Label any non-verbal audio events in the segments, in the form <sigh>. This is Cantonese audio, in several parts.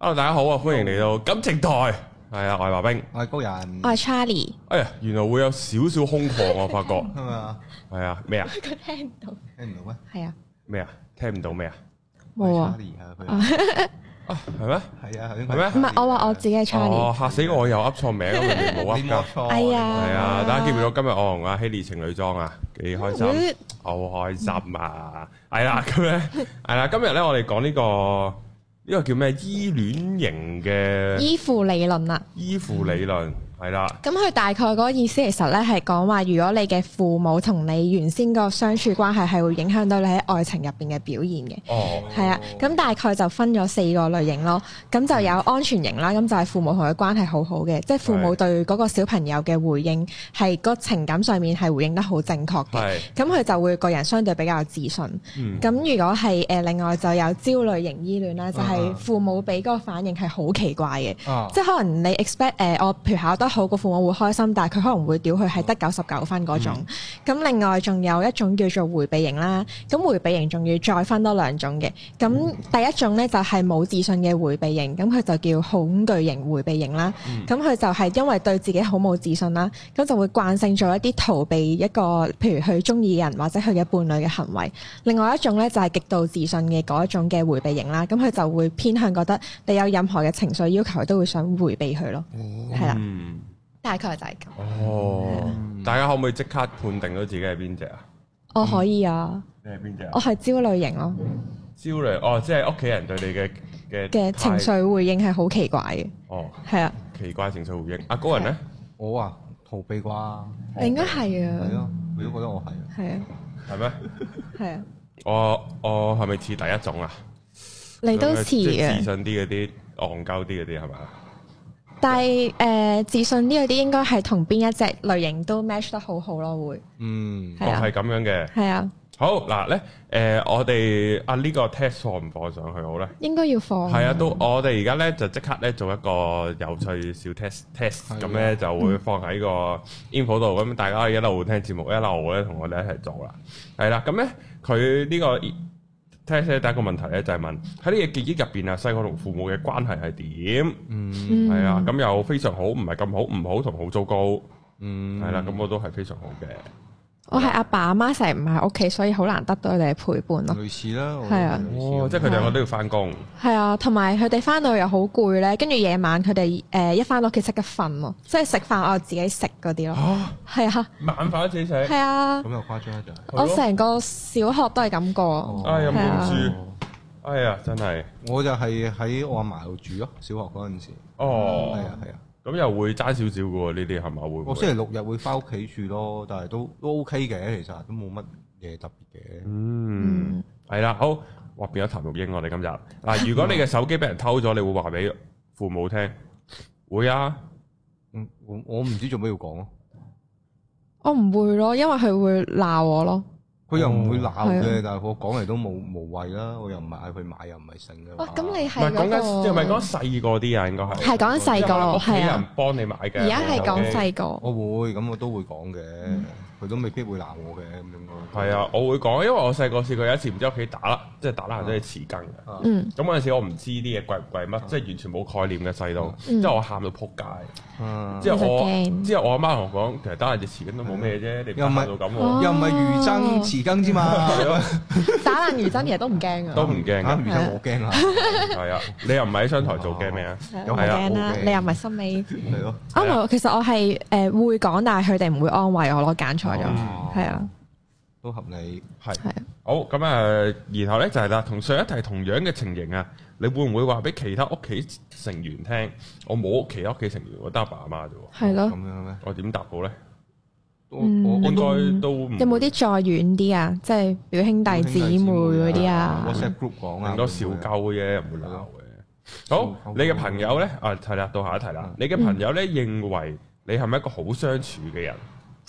Hello 大家好啊！歡迎嚟到感情台，係啊，我係白兵，我係高人，我係 Charlie。哎呀，原來會有少少空曠啊，我發覺係咪啊？係啊，咩啊？佢聽唔到，聽唔到咩？係啊，咩啊？聽唔到咩啊？冇啊！Charlie 啊，係咩？係啊，咩？唔係，我話我自己係 Charlie，嚇死我！我又噏錯名啊，冇啊，係啊，係啊，大家記住今日我同阿 Hailee 情侶裝啊，幾開心，好開心啊！係啦，咁樣，係啦，今日咧我哋講呢個。一個叫咩？依戀型嘅依附理論啊！依附理論。嗯係啦，咁佢、嗯、大概嗰意思其實咧係講話，如果你嘅父母同你原先個相處關係係會影響到你喺愛情入邊嘅表現嘅，哦，係啊，咁大概就分咗四個類型咯，咁就有安全型啦，咁就係父母同佢關係好好嘅，即、就、係、是、父母對嗰個小朋友嘅回應係個情感上面係回應得好正確嘅，咁佢對就會個人相對比較自信，咁、嗯、如果係誒、呃、另外就有焦慮型依戀啦，就係、是、父母俾嗰個反應係好奇怪嘅，嗯、即係可能你 expect 誒、呃、我譬如下好個父母會開心，但係佢可能會屌佢係得九十九分嗰種。咁、嗯、另外仲有一種叫做迴避型啦，咁迴避型仲要再分多兩種嘅。咁第一種咧就係冇自信嘅迴避型，咁佢就叫恐懼型迴避型啦。咁佢、嗯、就係因為對自己好冇自信啦，咁就會慣性做一啲逃避一個，譬如佢中意嘅人或者佢嘅伴侶嘅行為。另外一種咧就係極度自信嘅嗰一種嘅迴避型啦，咁佢就會偏向覺得你有任何嘅情緒要求，都會想迴避佢咯。係啦、嗯。大概就係咁。哦，大家可唔可以即刻判定到自己係邊隻啊？我可以啊。你係邊隻？我係焦慮型咯。焦慮哦，即係屋企人對你嘅嘅情緒回應係好奇怪嘅。哦。係啊，奇怪情緒回應。阿高人咧？我啊，逃避啩。你應該係啊。係咯，你都覺得我係。係啊。係咩？係啊。我我係咪似第一種啊？你都似自信啲嗰啲，戇鳩啲嗰啲係咪？但係誒、呃、自信呢個啲應該係同邊一隻類型都 match 得好好、啊、咯，會嗯，係咁樣嘅，係啊，啊好嗱咧誒，我哋啊呢、呢個 test 放唔放上去好咧？應該要放，係啊，都我哋而家咧就即刻咧做一個有趣小 test test，咁咧就會放喺個 info 度，咁大家一路聽節目一呢，一路咧同我哋一齊做啦，係啦、啊，咁咧佢呢、呢個。第一個問題咧就係問喺呢個記憶入邊啊，細個同父母嘅關係係點？係啊、嗯，咁又非常好，唔係咁好，唔好同好糟糕。嗯，係啦，咁我都係非常好嘅。我係阿爸阿媽成日唔喺屋企，所以好難得到佢哋嘅陪伴咯。類似啦，係啊，即係佢兩個都要翻工。係啊，同埋佢哋翻到又好攰咧，跟住夜晚佢哋誒一翻到屋企即刻瞓喎，即係食飯我就自己食嗰啲咯。係啊，晚飯都自己食。係啊，咁又誇張啦，就係我成個小學都係咁過。哎呀唔知，哎呀真係，我就係喺我阿嫲度住咯，小學嗰陣時。哦，係啊係啊。咁又會爭少少嘅喎，呢啲係咪會？我星期六日會翻屋企住咯，但係都都 OK 嘅，其實都冇乜嘢特別嘅。嗯，係啦、嗯，好，哇變咗譚玉英，我哋今日嗱、啊，如果你嘅手機俾人偷咗， <laughs> 你會話俾父母聽？會啊。嗯，我我唔知做咩要講咯。我唔 <laughs> 會咯，因為佢會鬧我咯。佢又唔會鬧嘅，嗯、但係我講嚟都冇無，無謂啦。我又唔係嗌佢買，買又唔係剩嘅。咁你係講緊即係唔係講細個啲啊？應該係係講細個，係啊。屋企有人幫你買嘅，而家係講細個。Okay? 我會咁，我都會講嘅。嗯佢都未必會鬧我嘅咁樣，係啊，我會講，因為我細個時佢有一次唔知屋企打啦，即係打爛咗啲匙羹，咁嗰陣時我唔知啲嘢貴唔貴乜，即係完全冇概念嘅細路，即係我喊到撲街。之後即係我，即係我阿媽同我講，其實打爛隻匙羹都冇咩啫，你唔係喊到咁喎，又唔係魚生匙羹之嘛。打爛魚生其實都唔驚啊，都唔驚。啱魚生好驚啊。係啊，你又唔係喺商台做 game 咩？唔驚啦，你又唔係森美。其實我係誒會講，但係佢哋唔會安慰我咯，揀係啊，都合理，係。係啊，好咁啊，然後咧就係啦，同上一題同樣嘅情形啊，你會唔會話俾其他屋企成員聽？我冇其他屋企成員，我得阿爸阿媽啫。係咯，咁樣咩？我點答好咧？我我應該都冇。有冇啲再遠啲啊？即係，如兄弟姊妹嗰啲啊，我 WhatsApp group 講啊，咁多少夠嘅啫，唔會鬧嘅。好，你嘅朋友咧啊，係啦，到下一題啦。你嘅朋友咧認為你係咪一個好相處嘅人？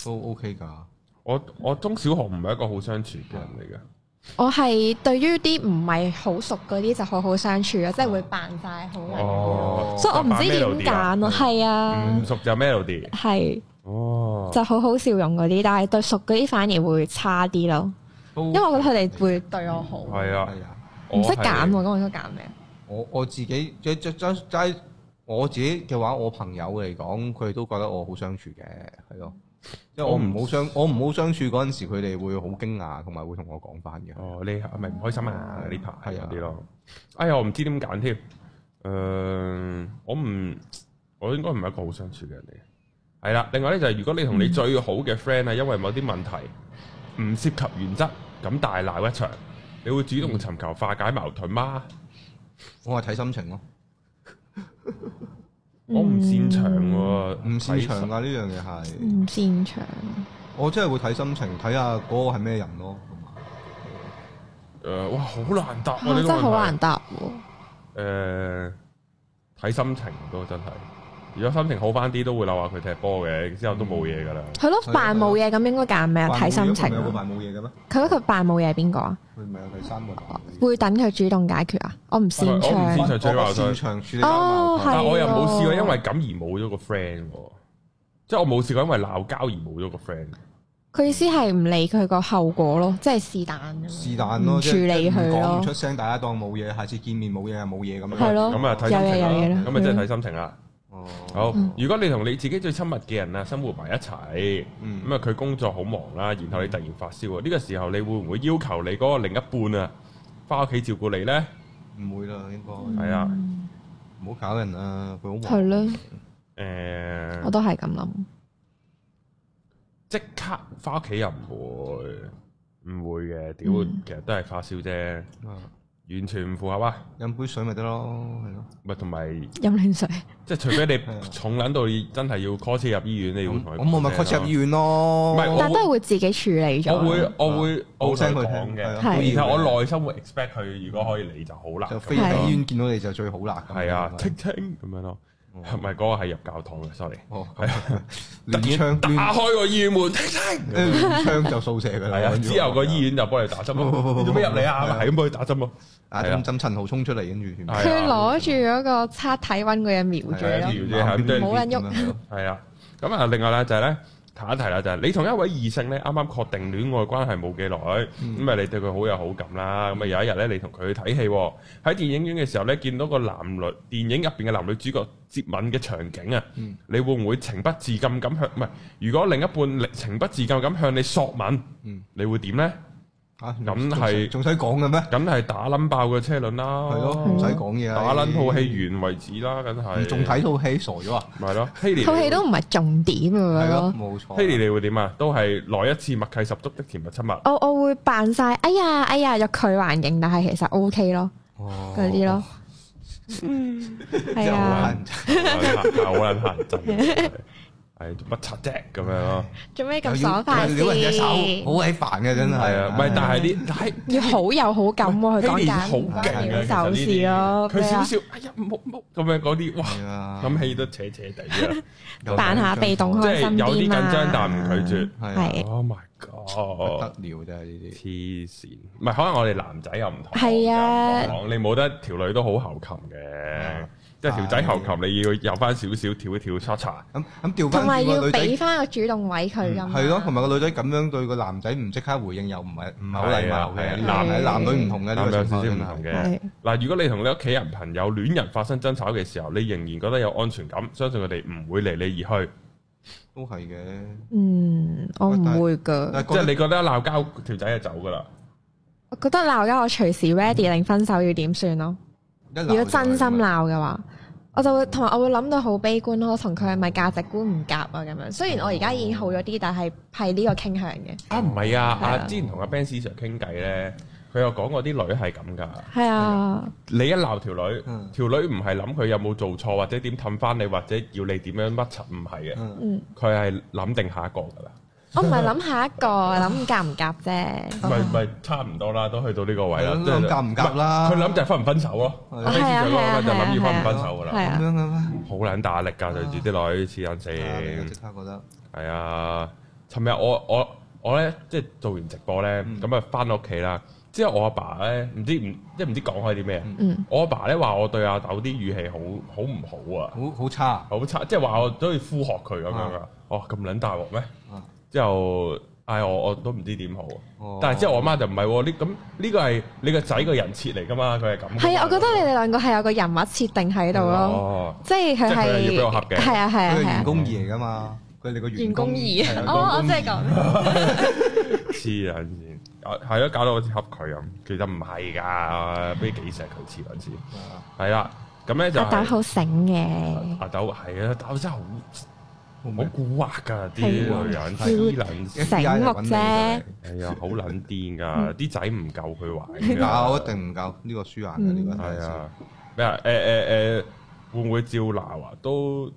都 OK 噶，我我中小學唔係一個好相處嘅人嚟嘅。我係對於啲唔係好熟嗰啲就好好相處啊，即係會扮晒好人，所以我唔知點揀咯。係啊，唔熟就 Melody 係哦，就好好笑容嗰啲，但係對熟嗰啲反而會差啲咯。都，因為我覺得佢哋會對我好。係啊係啊，唔識揀，咁我應該揀咩？我我自己即即即齋我自己嘅話，我朋友嚟講，佢都覺得我好相處嘅，係咯。即係我唔好相，我唔好相處嗰陣不時，佢哋會好驚訝，同埋會同我講翻嘅。哦，你係咪唔開心啊？呢排係啊啲咯。啊、哎呀，我唔知點揀添。誒、呃，我唔，我應該唔係一個好相處嘅人嚟。係啦、啊，另外咧就係、是、如果你同你最好嘅 friend 係、嗯、因為某啲問題唔涉及原則，咁大鬧一場，你會主動尋求化解矛盾嗎？嗯、我係睇心情咯、啊。 <laughs> 嗯、我唔擅長喎，唔擅看長啊呢樣嘢係。唔擅是長。我真係會睇心情，睇下嗰個係咩人咯、啊。誒、呃，哇，好難答啊！呢、啊、個真係好難答喎、啊。睇、呃、心情咯，真係。如果心情好翻啲，都會鬧下佢踢波嘅，之後都冇嘢噶啦。係咯，扮冇嘢咁應該揀咩啊？睇心情。有冇扮冇嘢嘅咩？佢覺得扮冇嘢係邊個啊？佢三會等佢主動解決啊？我唔擅長。我唔擅長處理。哦，但我又冇試過，因為咁而冇咗個 friend，即係我冇試過因為鬧交而冇咗個 friend。佢意思係唔理佢個後果咯，即係是但。是但咯。處理佢咯。講唔出聲，大家當冇嘢。下次見面冇嘢又冇嘢咁樣。係咯。咁啊睇心情，咁啊真係睇心情啦。好，oh, 嗯、如果你同你自己最親密嘅人啊，生活埋一齊，咁啊佢工作好忙啦，然後你突然發燒，呢、嗯、個時候你會唔會要求你嗰個另一半啊，翻屋企照顧你呢？唔會啦，應該係啊，唔好、嗯、了搞人啊，佢好忙。係啦了。誒、呃，我都係咁諗，即刻翻屋企又唔會，唔會嘅，屌，嗯、其實都係發燒啫。啊完全唔符合啊！飲杯水咪得咯，係咯。唔同埋飲暖水，即係除非你重揾到真係要 call 車入醫院，你會同我冇乜 call 車入醫院咯，但都係會自己處理咗。我會我會我會好聲講嘅，然後我內心會 expect 佢，如果可以嚟就好啦。就飛喺醫院見到你就最好啦。係啊，聽聽咁樣咯。唔係，嗰、那個係入教堂嘅，Sorry。哦，係啊，槍 <laughs> 然打開個醫院門，叮槍就掃射嘅，係之 <laughs> 後個醫院就幫你打針咯，做咩入嚟啊？係咁幫你打針咯。 <laughs> 嗯、對啊，針針陳豪衝出嚟，跟住佢攞住一個測體溫嘅嘢瞄住咯，冇、嗯、人喐。係啊、嗯，咁啊，另外咧就係、是、咧。下一題啦，就係你同一位異性咧，啱啱確定戀愛關係冇幾耐，咁啊、嗯、你對佢好有好感啦，咁啊、嗯、有一日咧，你同佢去睇戲喎，喺電影院嘅時候咧，見到個男女電影入邊嘅男女主角接吻嘅場景啊，嗯、你會唔會情不自禁咁向唔係？如果另一半情不自禁咁向你索吻，你會點呢？啊，咁係仲使講嘅咩？咁係打冧爆嘅車輪啦，係咯，唔使講嘢。打冧套戲完為止啦，梗係。你仲睇套戲傻咗啊？咪咯，套戲都唔係重點咁樣咯。冇錯。Hailee 你會點啊？都係來一次默契十足的甜蜜親密。我我會扮晒哎呀哎呀入佢環境，但係其實 O K 咯，嗰啲咯，嗯係啊。係做乜柒的咁樣咯，做咩咁爽快，少人隻手，好鬼煩嘅真係啊！唔係，但係啲，係要好有好感喎，佢啲手勢咯，佢少少哎呀木木咁樣嗰啲，哇，咁氣都扯扯地，扮下被動開心有啲緊張但唔拒絕，係。Oh my god！不得了真係呢啲，黐線。唔係可能我哋男仔又唔同，係啊，你冇得條女都好口琴嘅。即係條仔喉琴，你要游翻少少，跳一跳叉叉咁咁，調翻個女仔，同埋要俾翻個主動位佢咁。係咯，同埋個女仔咁樣對個男仔唔即刻回應，又唔係唔係好禮貌嘅。男男女唔同嘅，男女有少少唔同嘅。嗱，如果你同你屋企人、朋友、戀人發生爭吵嘅時候，你仍然覺得有安全感，相信佢哋唔會離你而去，都係嘅。嗯，我唔會噶。即係你覺得鬧交條仔係走噶啦？我覺得鬧交，我隨時 ready，令分手要點算咯？如果真心鬧嘅話。我就會同埋我會諗到好悲觀咯，我同佢係咪價值觀唔夾啊？咁樣雖然我而家已經好咗啲，但係係呢個傾向嘅。啊，唔係啊！阿、啊啊、之前同阿 Ben Sir 傾偈咧，佢又講過啲女係咁㗎。係啊，啊！你一鬧、嗯、條女，條女唔係諗佢有冇做錯或者點氹翻你，或者要你點樣乜柒？唔係嘅，佢係諗定下一個㗎啦。我唔係諗下一個，諗夾唔夾啫。唔係唔係，差唔多啦，都去到呢個位啦。諗夾唔夾啦？佢諗就係分唔分手咯。就諗住分唔分手噶啦。係咁好撚大力噶，對住啲女黐緊線。即刻覺得係啊！尋日我我我咧即係做完直播咧，咁啊翻屋企啦。之後我阿爸咧唔知唔即係唔知講開啲咩。我阿爸咧話我對阿豆啲語氣好好唔好啊？好好差。好差，即係話我都要呼喝佢咁樣噶。哦，咁撚大鑊咩？之後唉，我，我都唔知點好。但係之後我媽就唔係喎。呢咁呢個係你個仔個人設嚟噶嘛？佢係咁。係啊，我覺得你哋兩個係有個人物設定喺度咯。即係佢係，係啊係啊係啊。員工二嚟噶嘛？佢哋個員工二。哦，我即係講。黐捻線，係咯，搞到好似恰佢咁。其實唔係噶，不如幾時佢黐捻線。係啦，咁咧就阿打好醒嘅。阿斗係啊，阿豆真係好。好古惑噶啲女人，啲撚醒惡啫。係啊，好撚癲噶，啲仔唔夠佢玩，唔一定唔夠呢個輸硬嘅，呢個係啊，咩啊？誒誒誒，會唔會照鬧啊？都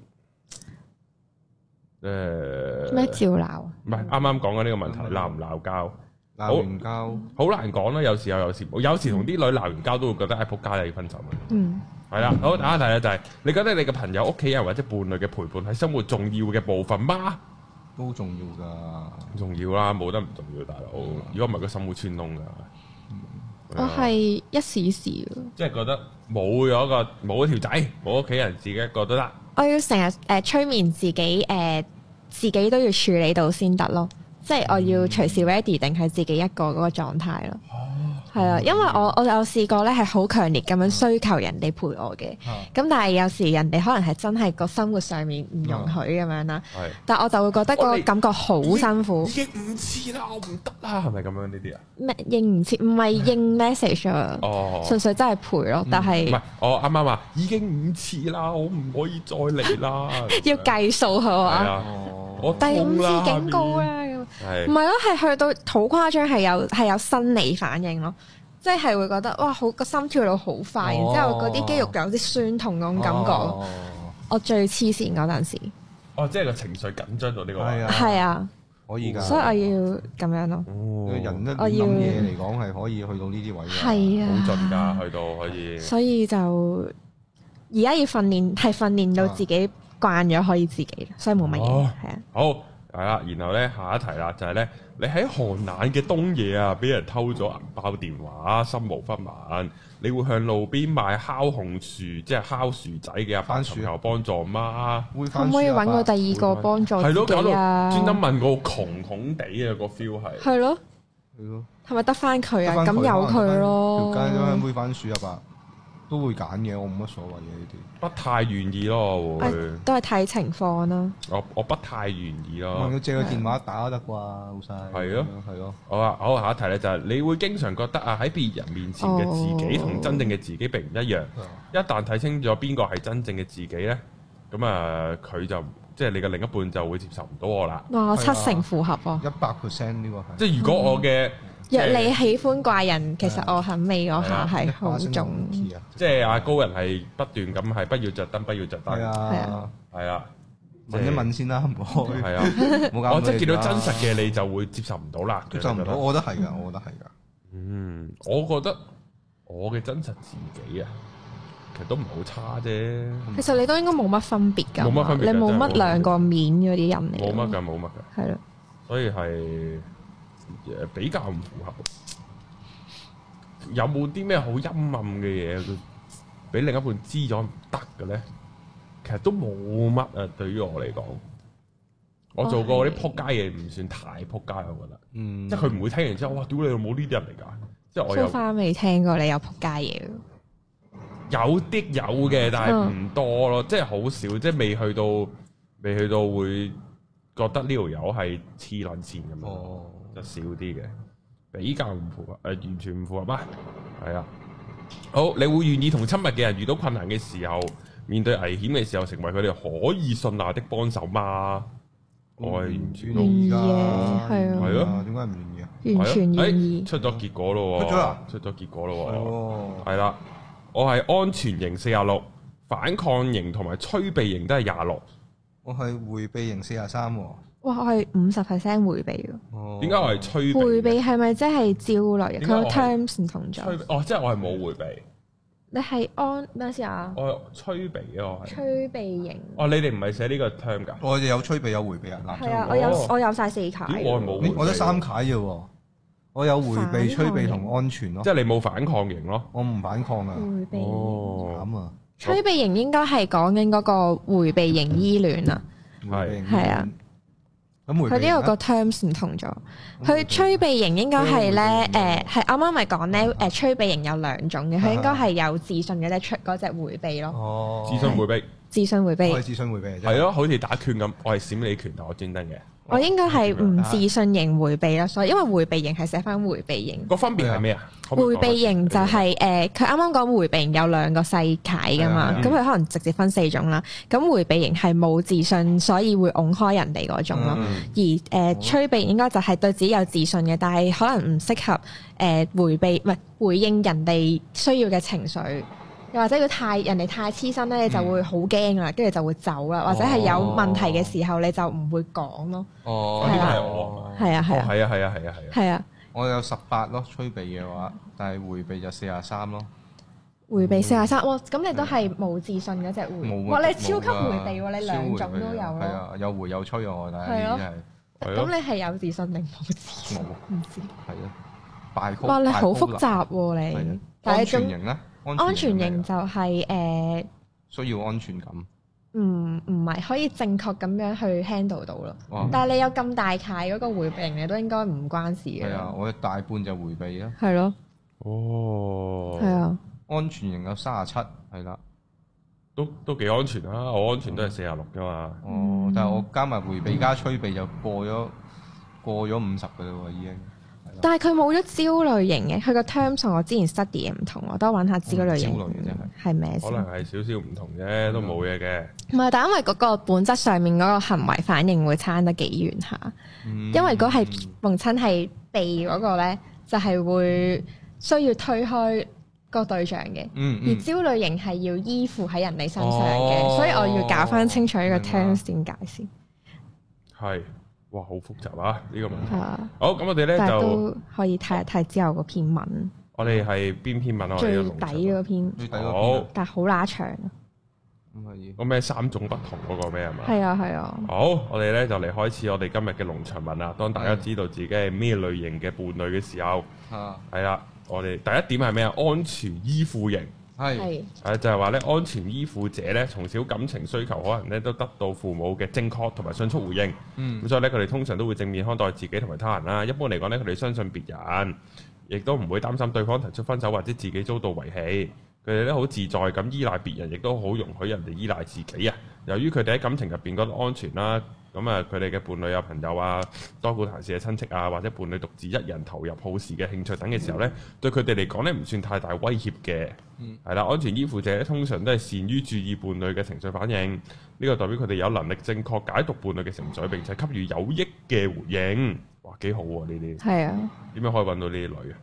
誒咩照鬧啊？唔係啱啱講緊呢個問題，鬧唔鬧交？鬧完交好難講啦。有時候，有時，有時同啲女鬧完交都會覺得 Apple 加你分手。嗯。係啦，好，大家睇啦，就係，是，你覺得你嘅朋友、屋企人或者伴侶嘅陪伴係生活重要嘅部分嗎？都重要㗎，重要啦，冇得唔重要，大佬。如果唔係，個生活穿窿㗎。嗯、了我係一時一時，即係覺得冇咗一個，冇一條仔，冇屋企人自己一個都得。我要成日誒催眠自己誒、呃，自己都要處理到先得咯，即係我要隨時 ready 定係自己一個嗰個狀態咯。嗯係啊，嗯、因為我我有試過咧，係好強烈咁樣需求人哋陪我嘅。咁、啊、但係有時人哋可能係真係個生活上面唔容許咁樣啦。係、啊，但我就會覺得個感覺好辛苦、啊。已經五次啦，我唔得啦，係咪咁樣呢啲啊？咩應唔切？唔係應 message 啊。哦。純粹真係陪咯，嗯、但係是。唔係、啊，我啱啱話已經五次啦，我唔可以再嚟啦。 <laughs> 要計數好啊。啊啊 <laughs> 第五次警告啊，咁唔係咯，係去到好誇張，係有係有生理反應咯，即係會覺得哇，好個心跳到好快，然之後嗰啲肌肉有啲酸痛嗰種感覺。我最黐線嗰陣時，哦，即係個情緒緊張到呢個，係啊，可以㗎，所以我要咁樣咯。哦，人咧諗嘢嚟講係可以去到呢啲位嘅，係啊，好盡㗎，去到可以。所以就而家要訓練，係訓練到自己。慣咗可以自己，所以冇乜嘢。係啊，好係啦，然後咧下一題啦，就係咧，你喺寒冷嘅冬夜啊，俾人偷咗銀包電話，心無分文，你會向路邊賣烤紅薯，即係烤薯仔嘅阿伯，番薯有幫助嗎？可唔可以揾個第二個幫助？係咯，搞到專登問個窮窮地啊個 feel 係。係咯，係咯，係咪得翻佢啊？咁有佢咯。咁樣會番薯阿伯。都會揀嘅，我冇乜所謂嘅呢啲，不太願意咯，會、啊、是都係睇情況咯。我我不太願意咯。問要借個電話打都得啩，好曬。係咯，係咯。好啊，好下一題咧就係、是、你會經常覺得啊，喺別人面前嘅自己同真正嘅自己並唔一樣。哦、一旦睇清楚邊個係真正嘅自己咧，咁啊佢就即係你嘅另一半就會接受唔到我啦。哇、哦，七成符合喎、啊，一百 percent 呢個係。即係、嗯、如果我嘅。若你喜歡怪人，其實我肯尾嗰下係好重要。即係阿高人係不斷咁係，不要着燈，不要着燈。係啊，係啊，問一問先啦，唔開。係啊，我即係見到真實嘅你，就會接受唔到啦。接受唔到，我覺得係噶，我覺得係噶。嗯，我覺得我嘅真實自己啊，其實都唔係好差啫。其實你都應該冇乜分別噶，冇乜分別，你冇乜兩個面嗰啲人嚟。冇乜噶，冇乜噶。係咯，所以係。誒，yeah, 比較唔符合。有冇啲咩好陰暗嘅嘢，俾另一半知咗唔得嘅咧？其實都冇乜啊。對於我嚟講，哦、我做過啲撲街嘢，唔算太撲街，我覺得，即係佢唔會聽完之後，哇！屌你有有，有冇呢啲人嚟噶。即係我初花未聽過，你有撲街嘢。有啲有嘅，但係唔多咯，哦、即係好少，即係未去到，未去到會覺得呢條友係黐撚線咁樣。哦就少啲嘅，比較唔符合，誒、呃、完全唔符合啊！係啊，好，你會願意同親密嘅人遇到困難嘅時候，面對危險嘅時候，成為佢哋可以信賴的幫手嗎？我係完全同意嘅，係啊，係咯、啊，點解唔願意啊？完全願意、欸、出咗結果咯喎！出咗、啊、出咗結果咯喎！係啦，我係安全型四廿六，反抗型同埋催避型都係廿六，我係回避型四廿三喎。哇！我係五十 percent 迴避咯。點解我係催避？迴避係咪即係招來？佢 terms 唔同咗。哦，即係我係冇迴避。你係安，n 咩先啊？我催避啊。我係。催避型。哦，你哋唔係寫呢個 term 㗎？我哋有催避有迴避啊。係啊，我有我有曬四卡。我係冇，我得三卡啫。我有迴避、催避同安全咯。即係你冇反抗型咯。我唔反抗啊。迴避。哦。咁啊。催避型應該係講緊嗰個迴避型依戀啊。係。係啊。佢呢、啊、個個 terms 唔同咗，佢迴避型應該係咧，誒係啱啱咪講咧，誒迴避型有兩種嘅，佢應該係有自信嘅咧出隻迴避咯，哦、自信迴避，自信迴避，我係自信迴避嘅，係咯，好似打拳咁，我係閃你拳，但我專登嘅。我應該係唔自信型回避啦，所以因為回避型係寫翻回避型。個分別係咩啊？回避就係呃、啱啱迴避型就係誒，佢啱啱講回避型有兩個世界㗎嘛，咁佢、嗯、可能直接分四種啦。咁回避型係冇自信，所以會拱開人哋嗰種咯。嗯、而誒、呃、催避應該就係對自己有自信嘅，但係可能唔適合誒迴、呃、避，唔、呃、係回應人哋需要嘅情緒。又或者佢太人哋太黐身咧，你就會好驚啦，跟住就會走啦，或者係有問題嘅時候你就唔會講咯。哦，呢個係我。係啊係啊。係啊係啊係啊係啊。係啊。我有十八咯，吹避嘅話，但係回避就四十三咯。回避四十三喎，咁你都係冇自信嗰隻迴，哇！你超級回避喎，你兩種都有。係啊，有回有吹啊，我睇。係咯。咁你係有自信定冇自信？冇。唔知。係啊，拜託。哇！你好複雜喎，你。安全型咧？安全，安全型就係，是，誒，呃、需要安全感，唔，唔係可以正確咁樣去 handle 到啦。哇但係你有咁大曬嗰個迴避型你都應該唔關事嘅。係啊，我一大半就迴避啦。係咯的，哦，係啊的，安全型有三十七，係啦，都都幾安全啊！我安全都係四十六㗎嘛。嗯、哦，但係我加埋迴避加催避就過咗過咗五十㗎啦喎，已經。但係佢冇咗焦慮型嘅，佢個 terms 同我之前 study 唔同，我多揾下焦慮型係咩、嗯、可能係少少唔同啫，嗯、都冇嘢嘅。唔係，但係因為嗰個本質上面嗰個行為反應會差得幾遠下，嗯、因為嗰係蒙親係避嗰個咧，就係、是、會需要推開個對象嘅。嗯嗯、而焦慮型係要依附喺人哋身上嘅，哦、所以我要搞翻清楚呢個 terms 點解先？係。哇，好複雜啊！呢個問題，好，咁我哋咧就可以睇一睇之後個篇文。我哋係邊篇文啊？最底嗰篇，最底嗰篇，但係好拉長。唔可以個咩三種不同嗰個咩係嘛？係啊係啊。好，我哋咧就嚟開始我哋今日嘅農場文啦。當大家知道自己係咩類型嘅伴侶嘅時候，係啦，我哋第一點係咩啊？安全依附型。係，係，誒就係話咧，安全依附者咧，從小感情需求可能咧都得到父母嘅正確同埋迅速回應，嗯，咁所以咧佢哋通常都會正面看待自己同埋他人啦、啊。一般嚟講咧，佢哋相信別人，亦都唔會擔心對方提出分手或者自己遭到遺棄。佢哋咧好自在咁依賴別人，亦都好容許人哋依賴自己啊。由於佢哋喺感情入邊覺得安全啦、啊。咁啊，佢哋嘅伴侶啊、朋友啊、多管閒事嘅親戚啊，或者伴侶獨自一人投入好事嘅興趣等嘅時候咧，嗯、對佢哋嚟講呢唔算太大威脅嘅。嗯，係啦，安全依附者通常都係善於注意伴侶嘅情緒反應，呢、呢個代表佢哋有能力正確解讀伴侶嘅情緒，並且給予有益嘅回應。哇，幾好喎呢啲！係啊，點、啊、樣可以揾到呢啲女 <laughs> 啊？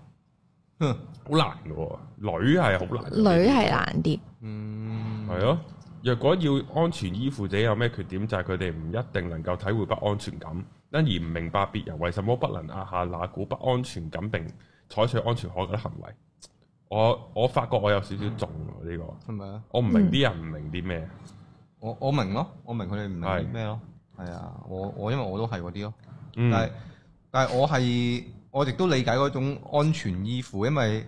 哼，好難嘅喎，女係好難，女係難啲。嗯，係啊。若果要安全依附者有咩缺點，就係佢哋唔一定能夠體會不安全感，因而唔明白別人為什麼不能壓下那股不安全感，並採取安全可嘅行為。我我發覺我有少少重呢、啊嗯這個，是是我唔明啲人唔明啲咩，嗯，我我明咯，我明佢哋唔明咩咯，係是啊，我我因為我都係嗰啲咯，嗯、但係但係我係我亦都理解嗰種安全依附，因為。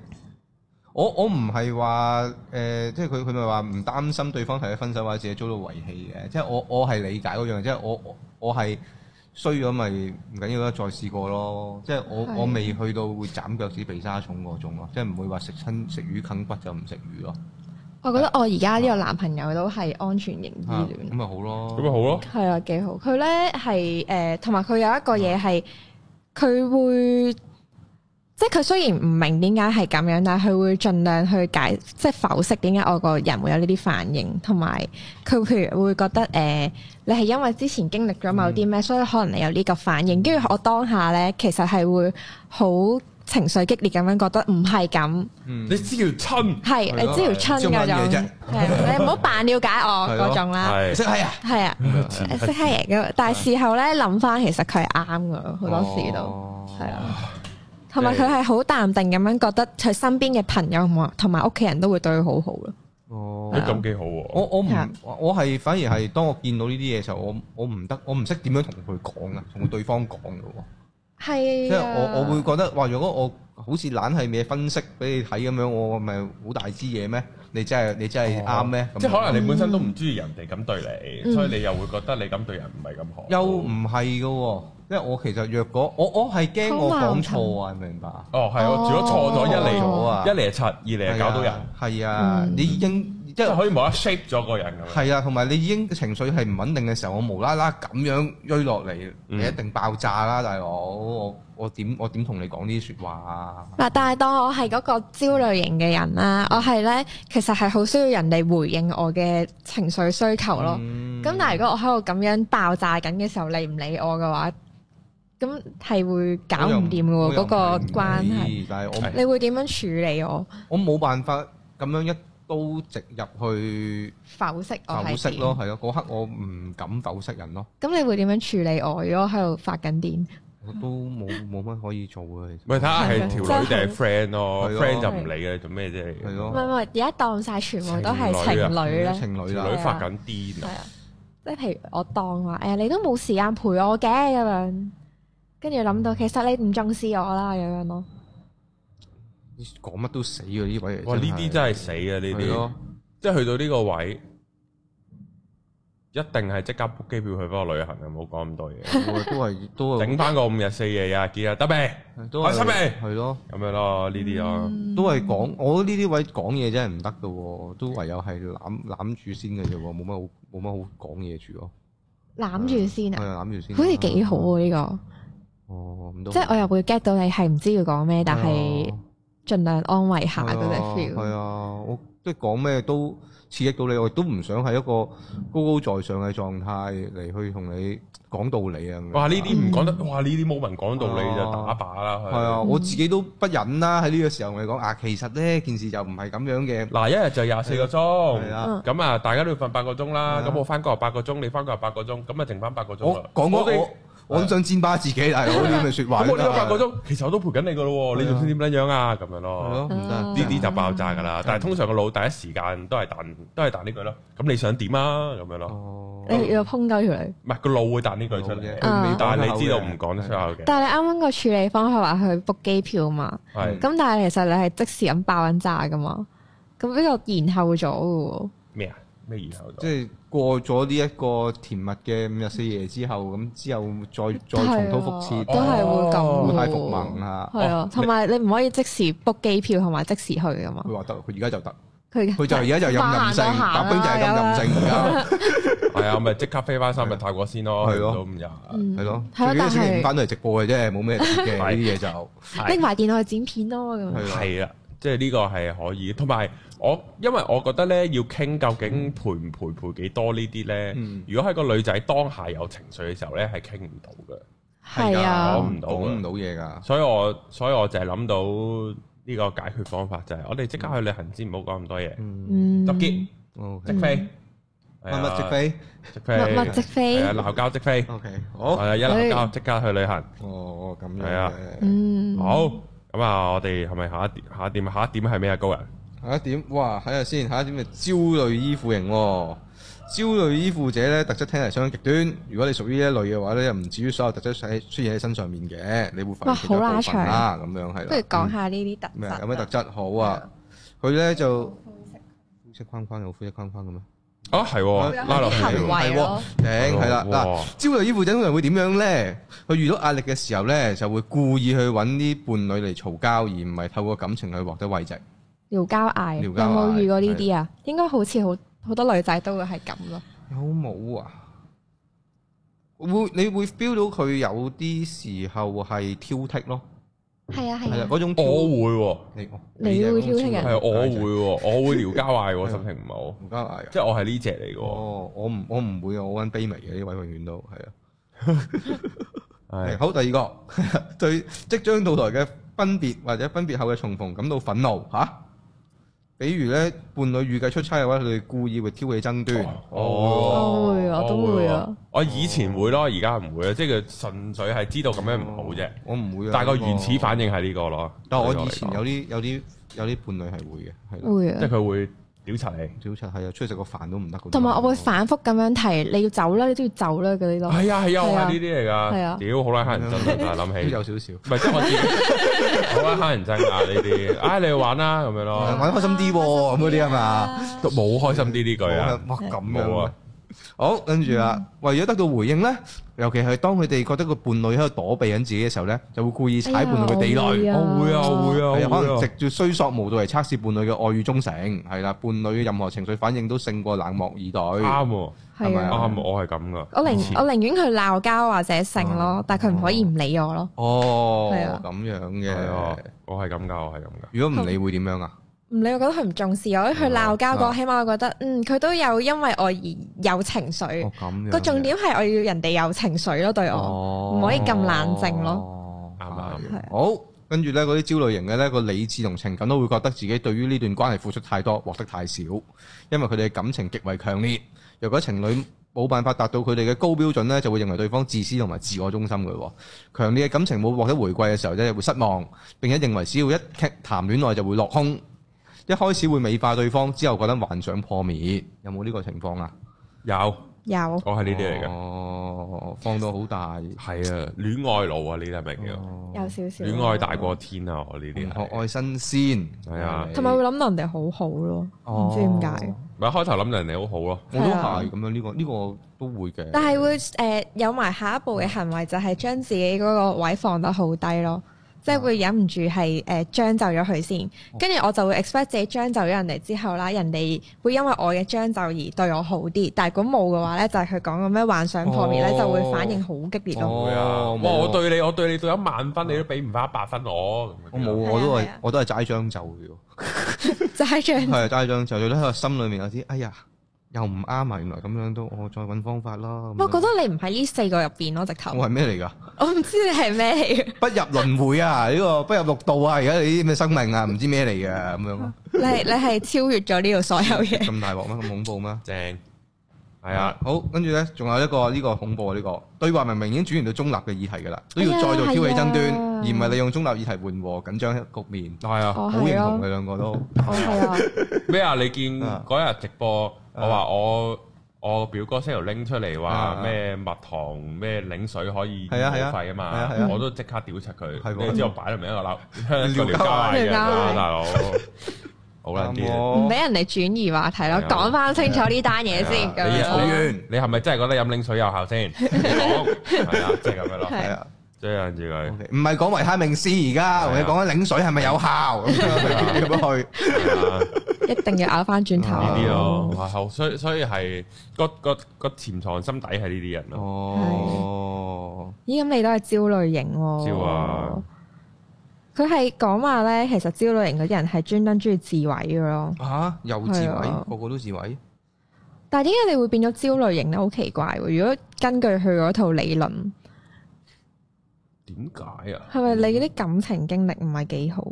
我我唔係話誒，即係佢佢咪話唔擔心對方提咗分手或者自己遭到遺棄嘅，即係我我係理解嗰樣，即係我我係我我我係衰咗咪唔緊要啦，再試過咯，即係我是我未去到會斬腳趾避沙蟲嗰種咯，即係唔會話食親食魚啃骨就唔食魚咯。我覺得我而家呢個男朋友都係安全型依戀，咁咪、啊、好咯，咁咪好咯，係啊，幾好。佢咧係誒，同埋佢有一個嘢係佢會。即係佢雖然唔明點解係咁樣，但係佢會盡量去解，即係剖析點解我個人會有呢啲反應，同埋佢譬如會覺得誒、呃，你係因為之前經歷咗某啲咩，所以可能你有呢個反應。跟住我當下咧,其實係會好情緒激烈咁樣覺得唔係咁。你知條親係，你知條親嗰種，你唔好扮了解我嗰種啦。識黑啊，係啊對，識黑人咁。但係事後咧諗翻，其實佢係啱噶，好多時都係啊。同埋佢係好淡定咁樣覺得，佢身邊嘅朋友同同埋屋企人都會對佢好好咯。哦，咁幾好。我我唔，我係反而係當我見到呢啲嘢時候，我我唔得，我唔識點樣同佢講啊，同對方講噶。係。即係我我會覺得，話如果我好似懶係咩分析俾你睇咁樣，我咪好大支嘢咩？你真係你真係啱咩？即係可能你本身都唔中意人哋咁對你，所以你又會覺得你咁對人唔係咁好。又唔係噶。因為我其實若果我我係驚我講錯啊，你明白？哦，係我，如果錯咗，哦、一嚟我，一嚟係柒，二嚟係搞到人。係啊，嗯、你已經即係可以冇得 shape 咗個人咁。係啊，同埋你已經情緒係唔穩定嘅時候，我無啦啦咁樣追落嚟，你一定爆炸啦！大佬，我我點我點同你講呢啲説話啊？嗱、嗯，但係當我係嗰個焦慮型嘅人啦，我係咧其實係好需要人哋回應我嘅情緒需求咯。咁、嗯、但係如果我喺度咁樣爆炸緊嘅時候，你唔理我嘅話，咁係會搞唔掂嘅喎，嗰個關係。但係我。你會點樣處理我？我冇辦法咁樣一刀直入去。剖析我係點？剖析咯，係咯，嗰刻我唔敢剖析人咯。咁你會點樣處理我？如果喺度發緊癲？我都冇冇乜可以做嘅。喂，睇下係條女定係 friend 咯？friend 就唔理嘅，做咩啫？係咯。唔係唔係，而家當曬全部都係情侶咧。情侶啦，女發緊癲啊！即係譬如我當話誒，你都冇時間陪我嘅咁樣。跟住諗到，其實你唔重視我啦，咁樣咯。講乜都死啊！呢位，哇，呢啲真係死啊！呢啲，即係去到呢個位，一定係即刻撲機票去翻個旅行啊！冇講咁多嘢，都係都係，整翻個五日四夜啊幾日得未？都係，係咪，係咯，咁樣咯。呢啲啊，都係講，我呢啲位講嘢真係唔得噶，都唯有係攬攬住先嘅啫，冇乜好，冇乜好講嘢住咯。攬住先啊，攬住先，好似幾好啊呢個。哦，即係我又會 get 到你係唔知要講咩，但係盡量安慰下嗰隻 feel。係啊，我即係講咩都刺激到你，我亦都唔想係一個高高在上嘅狀態嚟，去同你講道理啊。哇，呢啲唔講得，哇，呢啲冇人講道理就打靶啦。係啊，我自己都不忍啦。喺呢個時候我哋講，啊其實咧，件事就唔係咁樣嘅。嗱，一日就廿四個鐘，係啦。咁啊，大家都要瞓八個鐘啦。咁我翻工又八個鐘，你翻工又八個鐘，咁啊剩翻八個鐘啦。我我哋。我都想煎巴自己，但係我呢啲咪説話咯、嗯。你都八個鐘，其實我都陪緊你噶咯，嗯、你仲想點樣樣啊？咁樣咯，呢啲就爆炸噶啦。對但係通常個腦第一時間都係彈，對都係彈呢句咯。咁你想點啊？咁樣咯，你要抨鳩出嚟？唔係個腦會彈呢句出嚟，但係你知道唔講得出口、啊嗯。但係你啱啱個處理方法係話去 book 機票嘛？咁對但係其實你係即時咁爆緊炸噶嘛？咁呢個延後咗嘅咩啊？咩以後？即係過咗呢一個甜蜜嘅五日四夜之後，咁之後再再重蹈覆轍，都係會咁故態復萌嚇。係啊，同埋你唔可以即時 book 機票同埋即時去噶嘛？佢話得，佢而家就得。佢就而家就咁任性，白兵就係咁任性。係啊，咪即刻飛翻三日泰國先咯，係咯，咁又係咯。主要都係翻到嚟直播嘅啫，冇咩嘅呢啲嘢就拎埋電腦去剪片咯，咁樣係啦。即係呢個係可以，同埋。我因為我覺得咧要傾究竟陪唔陪陪幾多呢啲咧，如果係個女仔當下有情緒嘅時候咧，係傾唔到嘅，係啊，講唔到，講唔到嘢噶。所以我所以我就係諗到呢個解決方法就係我哋即刻去旅行先，唔好講咁多嘢。嗯，直擊，直飛，默默直飛，直飛，默默直飛，鬧交即飛。O K，好，係啊，一鬧交即刻去旅行。哦，咁樣嘅，嗯，好。咁啊，我哋係咪下一下一點？下一點係咩啊？高人。下一點哇，睇下先。下一點就焦慮依附型。焦慮依附者咧，特質聽嚟相當極端。如果你屬於呢一類嘅話咧，又唔至於所有特質出現喺身上面嘅，你會發現。哇，好拉長啊，咁樣係咯。不如講下呢啲特質。有咩特質好啊？佢咧，就灰色框框有灰色框框咁啊？係拉落去咯，係係啦嗱。焦慮依附者通常會點樣咧？佢遇到壓力嘅時候咧，就會故意去搵啲伴侶嚟嘈交，而唔係透過感情去獲得慰藉。聊交嗌，有冇遇過呢啲啊？應該好似好好多女仔都會係咁咯。有冇啊！會你會 feel 到佢有啲時候係挑剔咯。係啊係啊，嗰種我會你你會挑剔人係我會我會聊交嗌，心情唔好。聊交嗌，即係我係呢隻嚟嘅。我唔我唔會我跟卑微嘅呢位永遠都係啊。係好第二個，對即將到來嘅分別或者分別後嘅重逢感到憤怒吓。比如咧，伴侶預計出差嘅話，佢哋故意會挑起爭端。哦，我會，都會啊。我以前會咯，而家唔會啦，即係佢純粹係知道咁樣唔好啫、哦。我唔會啊。但、個原始反應係呢、個咯。但係我以前有啲有啲有啲伴侶係會嘅，係、會啊、即係佢會。屌柒嚟，屌柒係啊！出去食個飯都唔得。同埋我會反覆咁樣提，你要走啦，你都要走啦嗰啲咯。係啊係啊，我係呢啲嚟噶。係啊，屌好啦，乞人憎啊！諗起有少少，唔係即係我自己好啦，乞人憎啊呢啲。唉，你去玩啦咁樣咯，玩得開心啲咁嗰啲啊嘛，都冇開心啲呢句啊。哇，咁啊。好，跟住啊，為咗得到回應咧，尤其係當佢哋覺得個伴侶喺度躲避緊自己嘅時候咧，就會故意踩伴侶嘅地雷。我會啊，我會啊，可能直接衰索無度嚟測試伴侶嘅愛與忠誠。係啦，伴侶嘅任何情緒反應都勝過冷漠以對。啱，係咪？啱，我係咁噶。我寧，我寧願佢鬧交或者性咯，但係佢唔可以唔理我咯。哦，係啊，咁樣嘅，我係咁噶我係咁噶。如果唔理會點樣啊？唔，理我覺得佢唔重視我？佢鬧交過，哦、起碼我覺得，嗯，佢都有因為我而有情緒。哦、咁樣個重點係我要人哋有情緒咯，對我唔、哦、可以咁冷靜咯。啱啊，好，跟住咧嗰啲焦慮型嘅咧，個理智同情感都會覺得自己對於呢段關係付出太多，獲得太少，因為佢哋嘅感情極為強烈。若果情侶冇辦法達到佢哋嘅高標準咧，就會認為對方自私同埋自我中心嘅。強烈嘅感情冇獲得回饋嘅時候咧，會失望，並且認為只要一談戀愛就會落空。一開始會美化對方，之後覺得幻想破滅，有冇呢個情況啊？有有，我係呢啲嚟嘅。哦，放到好大，係啊，戀愛腦啊,你哋明嘅。有少少。戀愛大過天啊！我呢啲係。哦，愛新鮮係啊。同埋會諗到人哋好好咯，唔知點解。咪開頭諗到人哋好好咯，我都係咁樣。呢個呢個都會嘅。但係會誒有埋下一步嘅行為，就係將自己嗰個位放得好低咯。即係會忍唔住係誒將就咗佢先，跟住我就會 expect 自己將就咗人哋之後啦，人哋會因為我嘅將就而對我好啲。但係如果冇嘅話咧，就係佢講嘅咩幻想破滅咧，就會反應好激烈咯。會啊！我對你，我對你到一萬分，你都俾唔翻一百分我。我冇我都係我都係齋將就佢喎，齋將係齋將就，最多喺心裏面有啲哎呀～又唔啱啊！原來咁樣都我再揾方法咯。不這樣 我覺得你唔喺呢四個入邊咯，直頭。我係咩嚟噶？我唔知你係咩嚟嘅。不入輪迴啊！呢個不入六道啊！而家你啲咩生命啊？唔知咩嚟嘅咁樣 <laughs> 你。你你係超越咗呢度所有嘢。 <laughs> 咁大鑊咩？咁恐怖咩？正。係啊，好，跟住咧，仲有一個呢個恐怖呢個，對話明明已經轉移到中立嘅議題噶啦，都要再做挑起爭端，而唔係利用中立議題緩和緊張局面。係啊，好認同佢兩個都。咩啊？你見嗰日直播，我話我我表哥先由拎出嚟話咩蜜糖咩檸水可以免費啊嘛，我都即刻調出佢。你知我擺落邊一個撈？想撩交嗌啊，大佬。好啦，唔俾人哋轉移話題咯，講翻清楚呢單嘢先。你冤，你係咪真係覺得飲檸水有效先？係啊，即係咁樣咯。係啊，即係咁樣。唔係講維他命 C 而家，同你講緊檸水係咪有效咁去？一定要咬翻轉頭呢啲咯。所以所以係個個潛藏心底係呢啲人咯。哦，咦，咁你都係焦類型喎？焦啊！佢係講話咧，其實焦慮型嗰啲人係專登中意自毀噶咯。吓、啊，又自毀，的個個都自毀。但係點解你會變咗焦慮型咧？好奇怪。如果根據佢嗰套理論，點解啊？係咪你嗰啲感情經歷唔係幾好？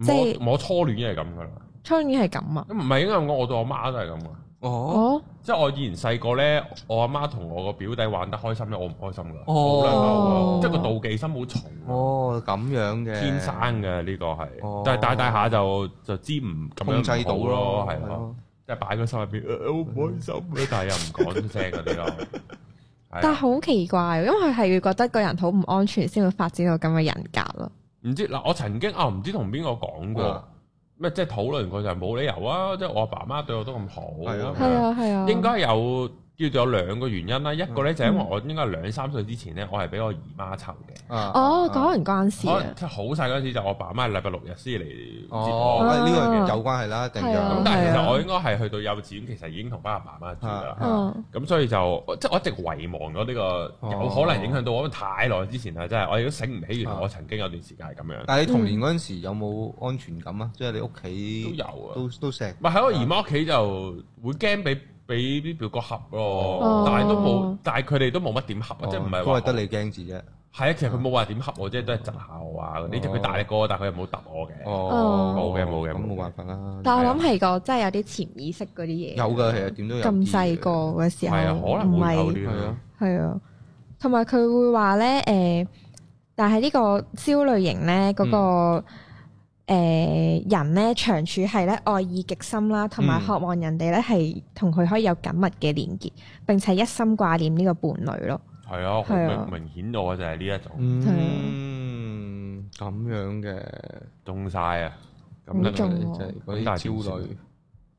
即係我初戀已係咁噶啦。初戀係咁啊？唔係因為我到我對阿媽都係咁啊？哦，即係我以前細個咧，我阿媽同我個表弟玩得開心咧，我唔開心噶，哦，即係個妒忌心好重。哦，咁樣嘅，天生嘅呢個係，但係大大下就就知唔咁樣控制到咯，係咯，即係擺喺心入邊，誒，好唔開心。但係又唔講聲嗰啲咯。但係好奇怪，因為佢係要覺得個人好唔安全先會發展到咁嘅人格咯。唔知嗱，我曾經啊，唔知同邊個講過。咩即係討論佢就係冇理由啊！即係我阿爸媽對我都咁好，係啊，應該有。叫做有兩個原因啦，一個咧就因為我應該兩三歲之前咧，我係俾我姨媽湊嘅。哦，可能嗰陣即係我好細嗰陣時就我爸媽係禮拜六日先嚟接我。呢樣嘢有關係啦，一定。咁但係其實我應該係去到幼稚園，其實已經同返爸爸媽住啦。咁所以就即係我一直遺忘咗呢個有可能影響到我太耐之前啦，真係我亦都醒唔起，原來我曾經有段時間係咁樣。但係你童年嗰陣時有冇安全感啊？即係你屋企都有啊，都都成。唔係喺我姨媽屋企就會驚俾。俾啲表哥恰咯，但係都冇，但係佢哋都冇乜點恰，啊，即係唔係話都係得你驚字啫。係啊，其實佢冇話點恰我，即係都係窒下我啊。你佢大你哥，但係佢又冇揼我嘅。哦，冇嘅冇嘅，咁冇辦法啦。但係我諗係個真係有啲潛意識嗰啲嘢。有㗎，係啊。點都有。咁細個嘅時候，唔係啊，係啊，同埋佢會話咧，誒，但係呢個焦慮型咧嗰個。誒、呃、人咧長處係咧愛意極深啦，同埋渴望人哋咧係同佢可以有緊密嘅連結，並且一心掛念呢個伴侶咯。係、嗯、啊，明明顯到就係呢一種。咁樣嘅重晒啊，咁重即係嗰啲焦慮。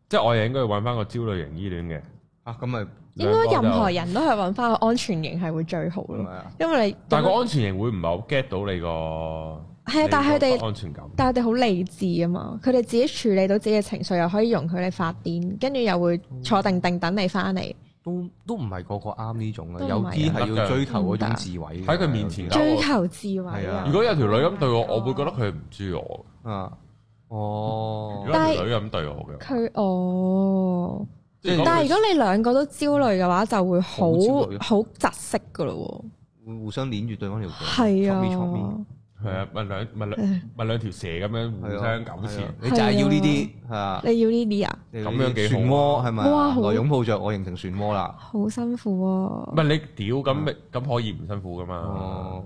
即係我哋應該要揾翻個焦慮型依戀嘅啊，咁咪應該任何人都係揾翻個安全型係會最好咯。 <laughs> 啊、因為你但係個安全型會唔係好 get 到你個？係啊，但係佢哋安全感，但係佢哋好理智啊嘛，佢哋自己處理到自己嘅情緒，又可以容許你發癲，跟住又會坐定定等你翻嚟。都都唔係個個啱呢種嘅，有啲係要追求嗰種智慧，喺佢面前追求智慧。係啊，如果有條女咁對我，我會覺得佢唔知我啊。哦，但係女咁對我嘅佢。哦，但係如果你兩個都焦慮嘅話，就會好好窒息噶咯，會互相黏住對方條腿。係啊。係啊，咪兩咪兩咪兩條蛇咁樣互相糾纏，你就係要呢啲啊？你要呢啲啊？咁樣幾好啊？係咪？哇，好！我擁抱著我形成漩渦啦，好辛苦。唔係你屌咁咪咁可以唔辛苦噶嘛？哦，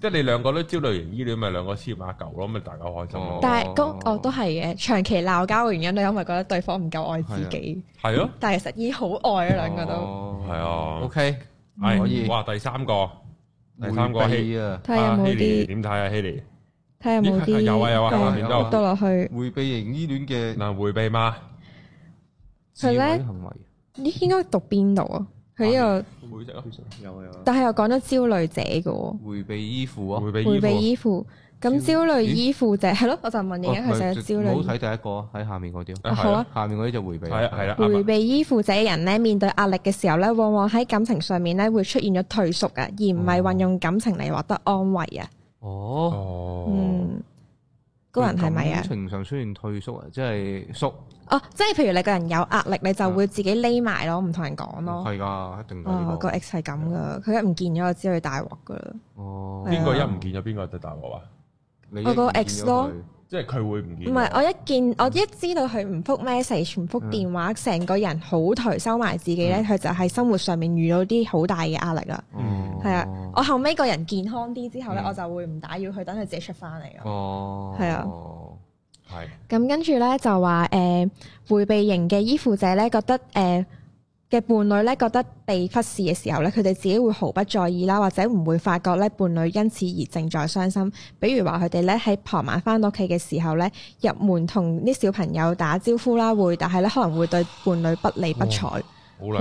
即係你兩個都焦慮型依戀咪兩個黐埋一嚿咯，咪大家開心咯。但係嗰哦都係嘅，長期鬧交嘅原因都係因為覺得對方唔夠愛自己。係咯。但係其實已好愛啊，兩個都。哦。係啊。OK。唔可以。哇，第三個。第三個 Hailee 啊，Hailee 點睇啊，Hailee？睇下有冇啲，有啊有啊，吓然之後回避型依戀嘅，嗱回避嘛，自戀行為，應應該讀邊度啊？佢呢個每隻咯，有有，但係又講咗焦慮者嘅回避依附啊，回避依附。咁焦慮依附者係咯，我就問嘢佢成日焦慮。唔好睇第一個，喺下面嗰啲。好啊，下面嗰啲就回避。係啊，回避依附者人咧，面對壓力嘅時候咧，往往喺感情上面咧，會出現咗退縮嘅，而唔係運用感情嚟獲得安慰啊。哦，嗯，高人係咪啊？感情上出現退縮啊，即係縮。哦，即係譬如你個人有壓力，你就會自己匿埋咯，唔同人講咯。係噶，一定係。個 X 係咁噶，佢一唔見咗，就知佢大鑊噶啦。哦，邊個一唔見咗，邊個就大鑊啊？我個 X 咯，即係佢會唔見。唔係，我一見，我一知道佢唔復 message，唔復電話，成個人好頹，收埋自己咧，佢就喺生活上面遇到啲好大嘅壓力啊。係啊，我後尾個人健康啲之後咧，我就會唔打擾佢，等佢自己出翻嚟咯。係啊，係。咁跟住咧就話誒，迴避型嘅依附者咧覺得誒，嘅伴侶咧覺得被忽視嘅時候咧，佢哋自己會毫不在意啦，或者唔會發覺咧伴侶因此而正在傷心。比如話佢哋咧喺傍晚翻到屋企嘅時候咧，入門同啲小朋友打招呼啦，會但係咧可能會對伴侶不理不睬，好、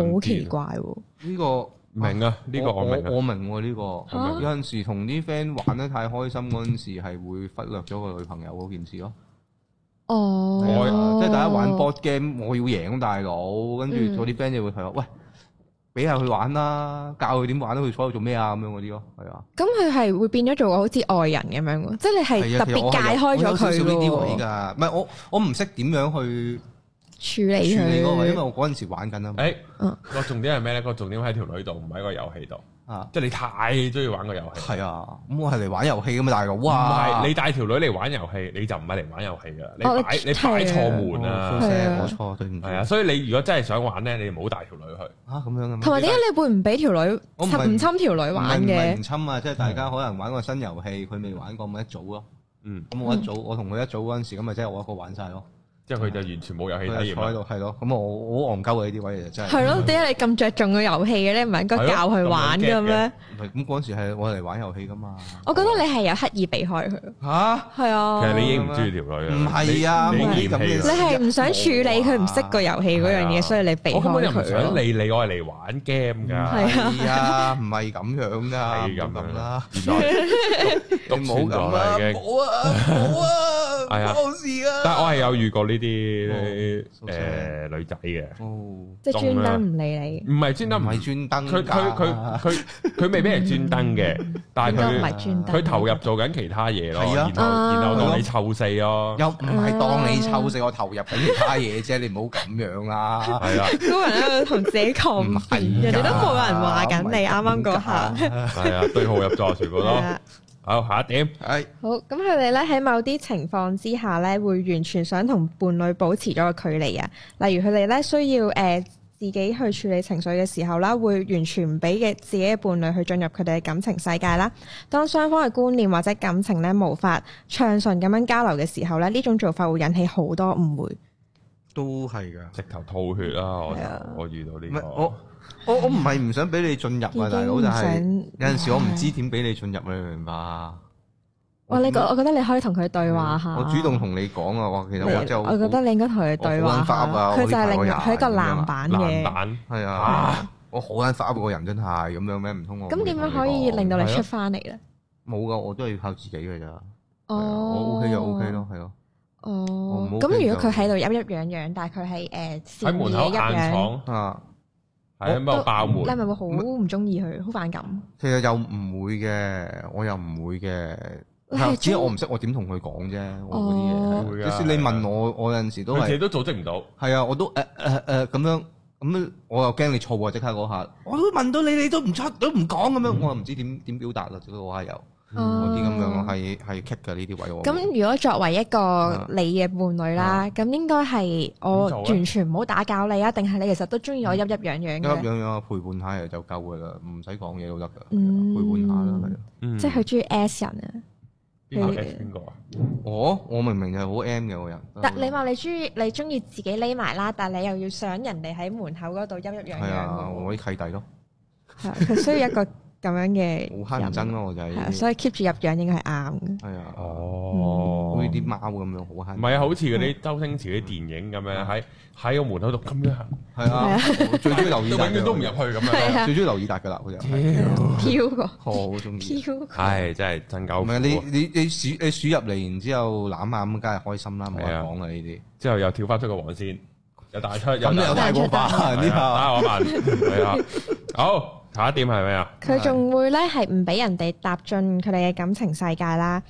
哦、奇怪喎。呢、哦呢個明啊，呢、呢個我明我我，我明喎呢、呢個。有陣、啊、時同啲 friend 玩得太開心嗰陣時，係會忽略咗個女朋友嗰件事咯。哦、我即係大家玩 board game，我要贏大佬，跟住我啲 friend 就會係話，嗯、喂，俾下佢玩啦，教佢點玩啦，佢坐喺度做咩啊？咁樣嗰啲咯，係啊。咁佢係會變咗做個好似外人咁樣，即係你係特別解開咗佢呢啲位噶。唔係的我我唔識點樣去。處理佢，因為我嗰陣時玩緊啊。誒，個重點係咩咧？個重點喺條女度，唔喺個遊戲度啊！即係你太中意玩個遊戲，係啊。咁我係嚟玩遊戲噶嘛？大佬，哇！唔係你帶條女嚟玩遊戲，你就唔係嚟玩遊戲噶。你擺你擺錯門啦，冇錯，對唔住。係啊，所以你如果真係想玩咧，你冇帶條女去啊？咁樣同埋點解你會唔俾條女？我唔係唔侵條女玩嘅，唔侵啊！即係大家可能玩個新遊戲，佢未玩過，咪一組咯。嗯，咁我一組，我同佢一組嗰陣時，咁咪即係我一個玩晒咯。即係佢就完全冇遊戲體驗喺度，係咯，咁我好戇鳩嘅呢啲位就真係。係咯，點解你咁着重個遊戲嘅咧？唔係應該教佢玩嘅咩？唔係，咁嗰時係我嚟玩遊戲噶嘛。我覺得你係有刻意避開佢。吓，係啊。其實你已經唔中意條女啦。唔係啊，你依咁，你係唔想處理佢唔識個遊戲嗰樣嘢，所以你避開佢。我根本又唔想理你，我係嚟玩 game 噶。係啊，唔係咁樣噶，係咁啦。讀穿咗啦，已經。好啊，好啊。係啊。但係我係有遇過呢啲，啲誒女仔嘅，即係專登唔理你。唔係專登，唔係專登。佢佢佢佢未俾人專登嘅，但係佢唔係專登。佢投入做緊其他嘢咯。然後然後當你臭死咯，又唔係當你臭死，我投入緊其他嘢啫。你唔好咁樣啦。係啊，人喺度同自己抗唔係，人哋都冇人話緊你。啱啱嗰下係啊，對號入座，全部都。好下一點，係是好，咁佢哋咧喺某啲情況之下咧，會完全想同伴侶保持咗個距離啊。例如佢哋咧需要誒、呃、自己去處理情緒嘅時候啦，會完全唔俾嘅自己嘅伴侶去進入佢哋嘅感情世界啦。當雙方嘅觀念或者感情咧無法暢順咁樣交流嘅時候咧，呢種做法會引起好多誤會。都係噶，直頭吐血啦！我的我遇到呢、這個。我我唔係唔想俾你進入啊，大佬，就係有陣時我唔知點俾你進入，你明唔明白？我你覺我覺得你可以同佢對話下。我主動同你講啊，話其實我就我覺得你應該同佢對話，佢就令佢一個冷板嘅。係啊，我好眼瞓嗰個人真係咁樣咩？唔通我咁點樣可以令到你出翻嚟咧？冇噶，我都係要靠自己噶咋。哦，O K 就 O K 咯，係咯。哦，咁如果佢喺度郁一攘攘，但係佢係誒喺門口一樣啊。係爆門？你係咪會好唔中意佢，好反感。其實又唔會嘅，我又唔會嘅。只係我唔識，呃、我點同佢講啫。哦，會嘅。即使你問我，我有陣時都係都組織唔到。係啊，我都誒誒誒咁樣，咁我又驚你錯啊！即刻嗰下。我都問到你，你都唔出，都唔講咁樣，嗯、我又唔知點點表達啦。我下又。嗰啲咁嘅係係 cut 嘅呢啲位喎。咁如果作為一個你嘅伴侶啦，咁應該係我完全唔好打攪你啊，定係你其實都中意我陰陰癢癢嘅？陰陰癢癢啊，陪伴下就夠噶啦，唔使講嘢都得噶，陪伴下啦，係啊。即係佢中意 S 人啊？邊下嘅邊個啊？我我明明係好 M 嘅個人。但你話你中意你中意自己匿埋啦，但你又要想人哋喺門口嗰度陰陰癢癢。係啊，我啲契弟咯。係，佢需要一個。咁樣嘅人，好人憎咯，我就係，所以 keep 住入樣應該係啱嘅。係啊，哦，好似啲貓咁樣好人憎。唔係啊，好似嗰啲周星馳啲電影咁樣，喺喺個門口度咁樣行。係啊，最中意留意，永遠都唔入去咁樣，最中意留意達嘅啦，佢就。跳，好中意。跳，係真係真狗。唔係你你你鼠你鼠入嚟，然之後攬下咁，梗係開心啦，冇得講嘅呢啲。之後又跳翻出個黃線，又大出，又大過把，啲嚇，打下我把，睇啊。好。下一點係咩啊？佢仲會咧係唔俾人哋踏進佢哋嘅感情世界啦。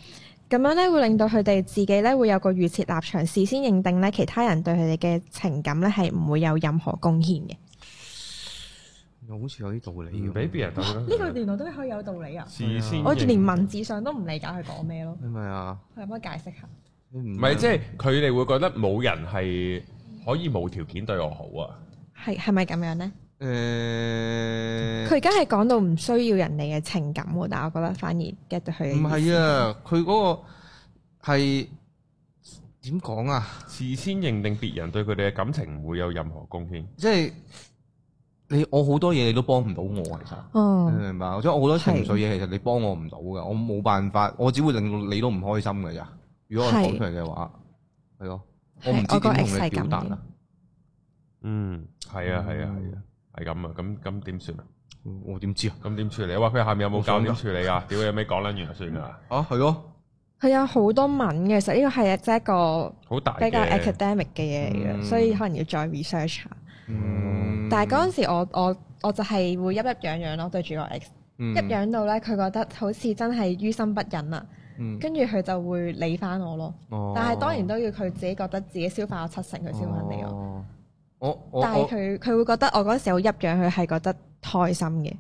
咁樣咧會令到佢哋自己咧會有個預設立場，事先認定咧其他人對佢哋嘅情感咧係唔會有任何貢獻嘅。又好似有啲道理，唔俾人踏啦。呢度原來都可以有道理啊！先我仲連文字上都唔理解佢講咩咯。係咪啊？佢有乜解釋？下唔係，即係佢哋會覺得冇人係可以冇條件對我好啊？係係咪咁樣咧？誒，佢而家係講到唔需要人哋嘅情感喎，但我覺得反而 get 到佢。唔係啊，佢嗰個係點講啊？事先認定別人對佢哋嘅感情唔會有任何貢獻，即係、就是、你我好多嘢，你都幫唔到我，其實、哦，嗯，你明白。或者我好多情緒嘢是其實你幫我唔到噶，我冇辦法，我只會令到你都唔開心噶咋。如果我講出嚟嘅話，係咯是，啊、我唔知點同你表達。嗯，係啊，係啊，係啊。係咁啊，咁咁點算啊？我點知啊？咁點處理？我話佢下面有冇搞？點處理啊？屌， <laughs> 有咩講？捻完就算噶啦。啊，係咯，佢有好多文嘅，其實呢個係即係一個好大比較 academic 嘅嘢嚟嘅，嗯、所以可能要再 research 下。嗯、但係嗰陣時我，我我我就係會一一樣樣咯，對住個 X，一樣、嗯、到咧，佢覺得好似真係於心不忍啊。跟住佢就會理翻我咯。哦、但係當然都要佢自己覺得自己消化咗七成，佢先會理你我。哦。我但係佢佢會覺得我嗰陣時好入樣，佢係覺得開心嘅，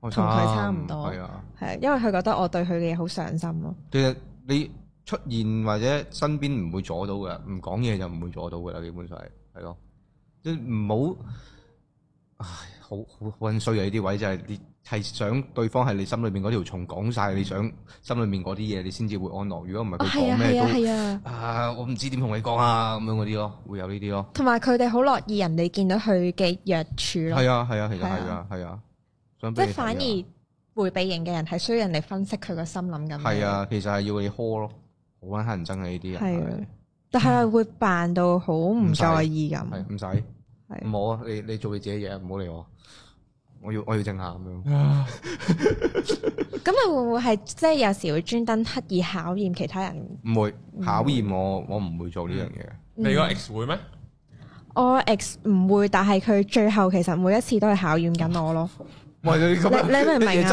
同佢、哦、差唔多，係啊，因為佢覺得我對佢嘅嘢好上心咯。其實你出現或者身邊唔會阻到嘅，唔講嘢就唔會阻到嘅啦。基本上係係咯，即係唔好，唉，好好混水啊！呢啲位真係啲。係想對方係你心裏邊嗰條蟲，講晒你想心裏面嗰啲嘢，你先至會安樂。如果唔係佢講咩都，啊，啊，我唔知點同你講啊，咁樣嗰啲咯，會有呢啲咯。同埋佢哋好樂意人哋見到佢嘅弱處咯。係啊係啊，其實係啊係啊，即係反而回避型嘅人係需要人哋分析佢個心諗緊。係啊，其實係要你呵 a 咯，好撚乞人憎嘅呢啲人。係啊，但係會扮到好唔在意咁。係唔使，好啊！你你做你自己嘢，唔好理我。我要我要靜下咁樣會會。咁你會唔會係即係有時會專登刻意考驗其他人？唔會考驗我，我唔會做呢樣嘢。嗯、你講 X 會咩？我 X 唔會，但係佢最後其實每一次都係考驗緊我咯。啊 <laughs> 樣你你明唔明啊？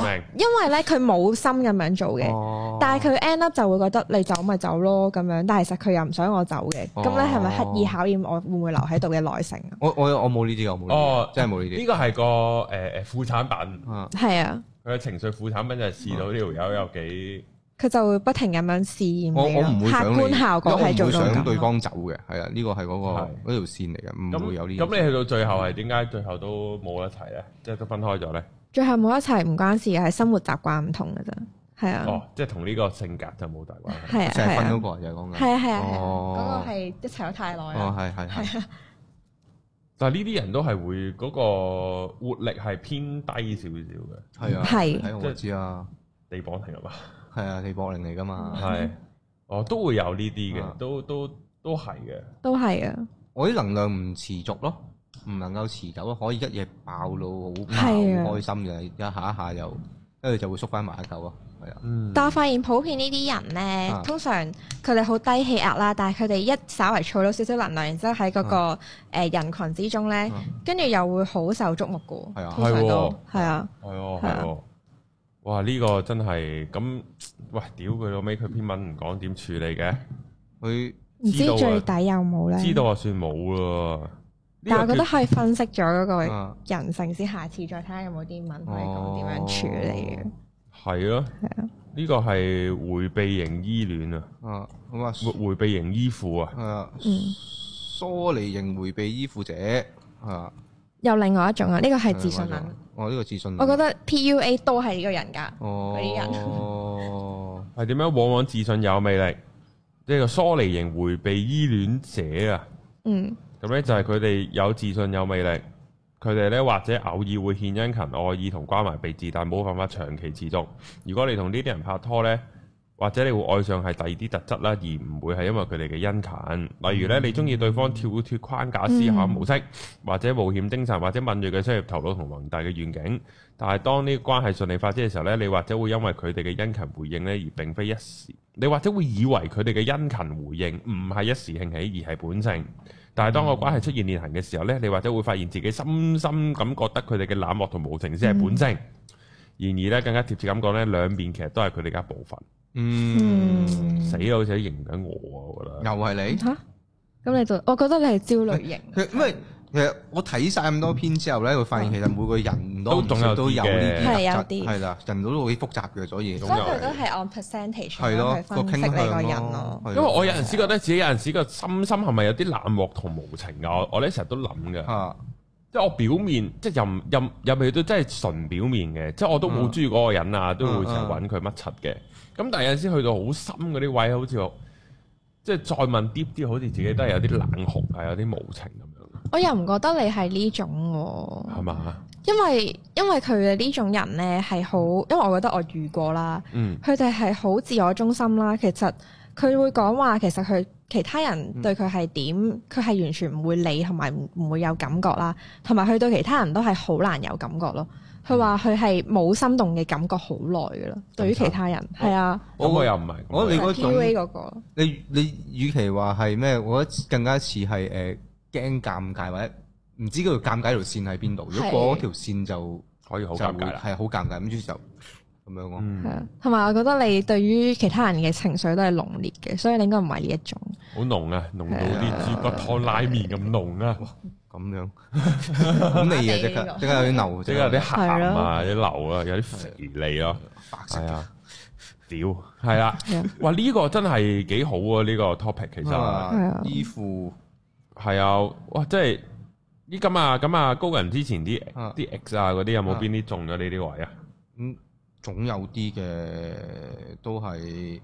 <laughs> 啊因為咧佢冇心咁樣做嘅，哦、但係佢 end up 就會覺得你走咪走咯咁樣。但係其實佢又唔想我走嘅。咁咧係咪刻意考驗我會唔會留喺度嘅耐性啊？我我我冇呢啲嘅，我冇呢啲哦，真係冇呢啲。呢個係個誒誒副產品啊，係啊。佢嘅情緒副產品就係試到呢條友有幾。啊佢就會不停咁樣試驗，客觀效果係做到咁。我唔會想對方走嘅，係啊，呢個係嗰個嗰條線嚟嘅，唔會有呢。咁你去到最後係點解最後都冇一齊咧？即係都分開咗咧？最後冇一齊唔關事嘅，係生活習慣唔同嘅啫，係啊。哦，即係同呢個性格就冇大關係。係啊，係成日分嗰個就係講緊。係啊，係啊。哦。嗰個係一齊咗太耐。哦，係係係。但係呢啲人都係會嗰個活力係偏低少少嘅。係啊，係。即係知啊，地磅停係㗎嘛？係啊，李博玲嚟噶嘛？係，哦，都會有呢啲嘅，都都都係嘅，都係啊。我啲能量唔持續咯，唔能夠持久咯，可以一夜爆到好爆，好開心嘅，一下一下又，跟住就會縮翻埋一嚿咯，係啊。但我發現普遍呢啲人咧，通常佢哋好低氣壓啦，但係佢哋一稍為儲到少少能量，然之後喺嗰個人群之中咧，跟住又會好受矚目嘅，係啊，係喎，係啊，係哇！呢、這個真係咁，喂，屌佢老尾，佢篇文唔講點處理嘅，佢唔知，知最底有冇咧，知道啊算冇啦。但係我覺得可以分析咗嗰個人性先，啊、下次再睇下有冇啲文可以講點樣處理嘅。係啊，係啊，呢、啊、個係回避型依戀啊，啊，好啊、嗯，回避型依附啊，啊，疏離型回避依附者啊，又另外一種啊，呢、這個係自信啊。我呢、哦，這個自信，我覺得 P.U.A 都係呢個人噶，嗰啲、哦、些人，係 <laughs> 點樣？往往自信有魅力，呢個疏離型回避依戀者啊，嗯，咁咧就係佢哋有自信有魅力，佢哋咧或者偶爾會獻殷勤、愛意同關懷備至，但冇辦法長期持續。如果你同呢啲人拍拖咧，或者你會愛上係第二啲特質啦，而唔會係因為佢哋嘅殷勤。例如咧，你中意對方跳脱框架思考模式，嗯、或者冒險精神，或者敏鋭嘅商業頭腦同宏大嘅願景。但係當呢個關係順利發展嘅時候咧，你或者會因為佢哋嘅殷勤回應咧，而並非一時。你或者會以為佢哋嘅殷勤回應唔係一時興起，而係本性。但係當個關係出現裂痕嘅時候咧，你或者會發現自己深深咁覺得佢哋嘅冷漠同無情先係本性。嗯、然而咧，更加貼切咁講咧，兩邊其實都係佢哋嘅一部分。嗯，死啦，好似認緊我啊，我覺得又係你吓，咁你就，我覺得你係焦慮型。因為其實我睇晒咁多篇之後咧，會發現其實每個人都都有啲嘅，係有啲係啦，人都好複雜嘅，所以所以佢都係按 percentage 去分析你個人咯。因為我有陣時覺得自己有陣時個心心係咪有啲冷漠同無情啊？我我成日都諗嘅，即係我表面即係入入入去都真係純表面嘅，即係我都冇中意嗰個人啊，都會成日搵佢乜柒嘅。咁但係有陣時去到好深嗰啲位，好似即係再問 deep 啲，好似自己都係有啲冷酷啊，有啲無情咁樣。我又唔覺得你係呢種喎、啊，係咪啊？因為因為佢嘅呢種人呢係好，因為我覺得我遇過啦，嗯，佢哋係好自我中心啦。其實佢會講話，其實佢其他人對佢係點，佢係、嗯、完全唔會理，同埋唔會有感覺啦，同埋佢對其他人都係好難有感覺咯。佢話佢係冇心動嘅感覺好耐㗎喇，對於其他人係、嗯、啊，嗰個又唔係，我，我覺得 PUA 嗰、嗰個，你你與其話係咩，我覺得更加似係誒驚尷尬或者唔知嗰條尷尬條線喺邊度。如果嗰條線就可以好尷尬啦，係好尷尬，唔知的就。咁樣係啊，同埋我覺得你對於其他人嘅情緒都係濃烈嘅，所以你應該唔係呢一種。好濃啊，濃到啲豬骨湯拉麵咁濃啊，咁樣。咁你啊，即刻即刻有啲牛，即刻有啲鹹啊，啲流啊，有啲肥膩咯，白色嘅。屌，係啦，哇，呢個真係幾好啊！呢個 topic 其實依附係啊，哇，即係呢咁啊咁啊！高人之前啲啲 x 啊嗰啲有冇邊啲中咗呢啲位啊？嗯。總有啲嘅，都係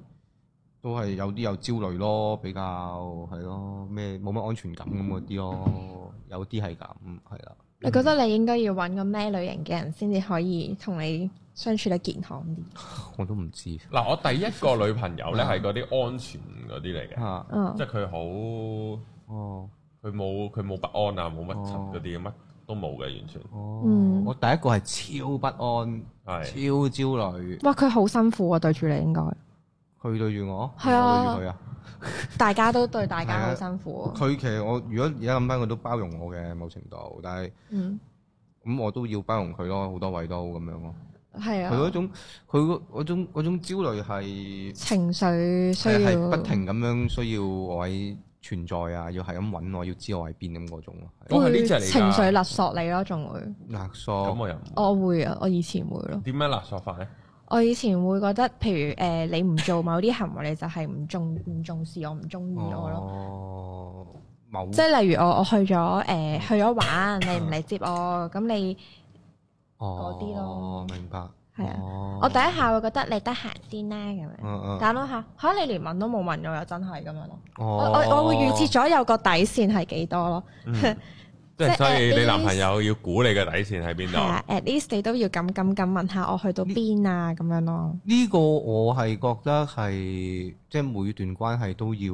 都係有啲有焦慮咯，比較係咯咩冇乜安全感咁嗰啲咯，嗯、有啲係咁係啦。你覺得你應該要搵個咩類型嘅人先至可以同你相處得健康啲？我都唔知。嗱， <laughs> 我第一個女朋友咧係嗰啲安全嗰啲嚟嘅，啊、即係佢好，佢冇佢冇不安啊，冇乜嗰啲乜都冇嘅完全。嗯、我第一個係超不安。超焦慮！哇，佢好辛苦啊，對住你應該。佢對住我。係啊。對住佢啊！大家都對大家好辛苦。佢、啊、其實我如果而家諗翻，佢都包容我嘅某程度，但係，嗯，咁、嗯、我都要包容佢咯，好多位都咁樣咯。係啊。佢嗰種，佢種種、種焦慮係情緒需要，不停咁樣需要我喺。存在啊，要係咁揾我，要知我喺邊咁嗰種咯。你。情緒勒索你咯，仲會勒索咁，我又會我會啊，我以前會咯。點樣勒索法咧？我以前會覺得，譬如誒、呃、你唔做某啲行為，你就係唔重唔重視我，唔中意我咯。哦、嗯，某，即係例如我我去咗誒、呃、去咗玩，你唔嚟接我，咁、嗯、你嗰啲、嗯、咯。哦，明白。係啊，我第一下會覺得你得閒先咧咁樣，等我下，吓你連問都冇問我，又真係咁樣咯。我我我會預設咗有個底線係幾多咯，嗯、即係所以你男朋友要估你嘅底線喺邊度？At least 你都要咁咁咁問下我去到邊啊咁樣咯。呢個我係覺得係即係每段關係都要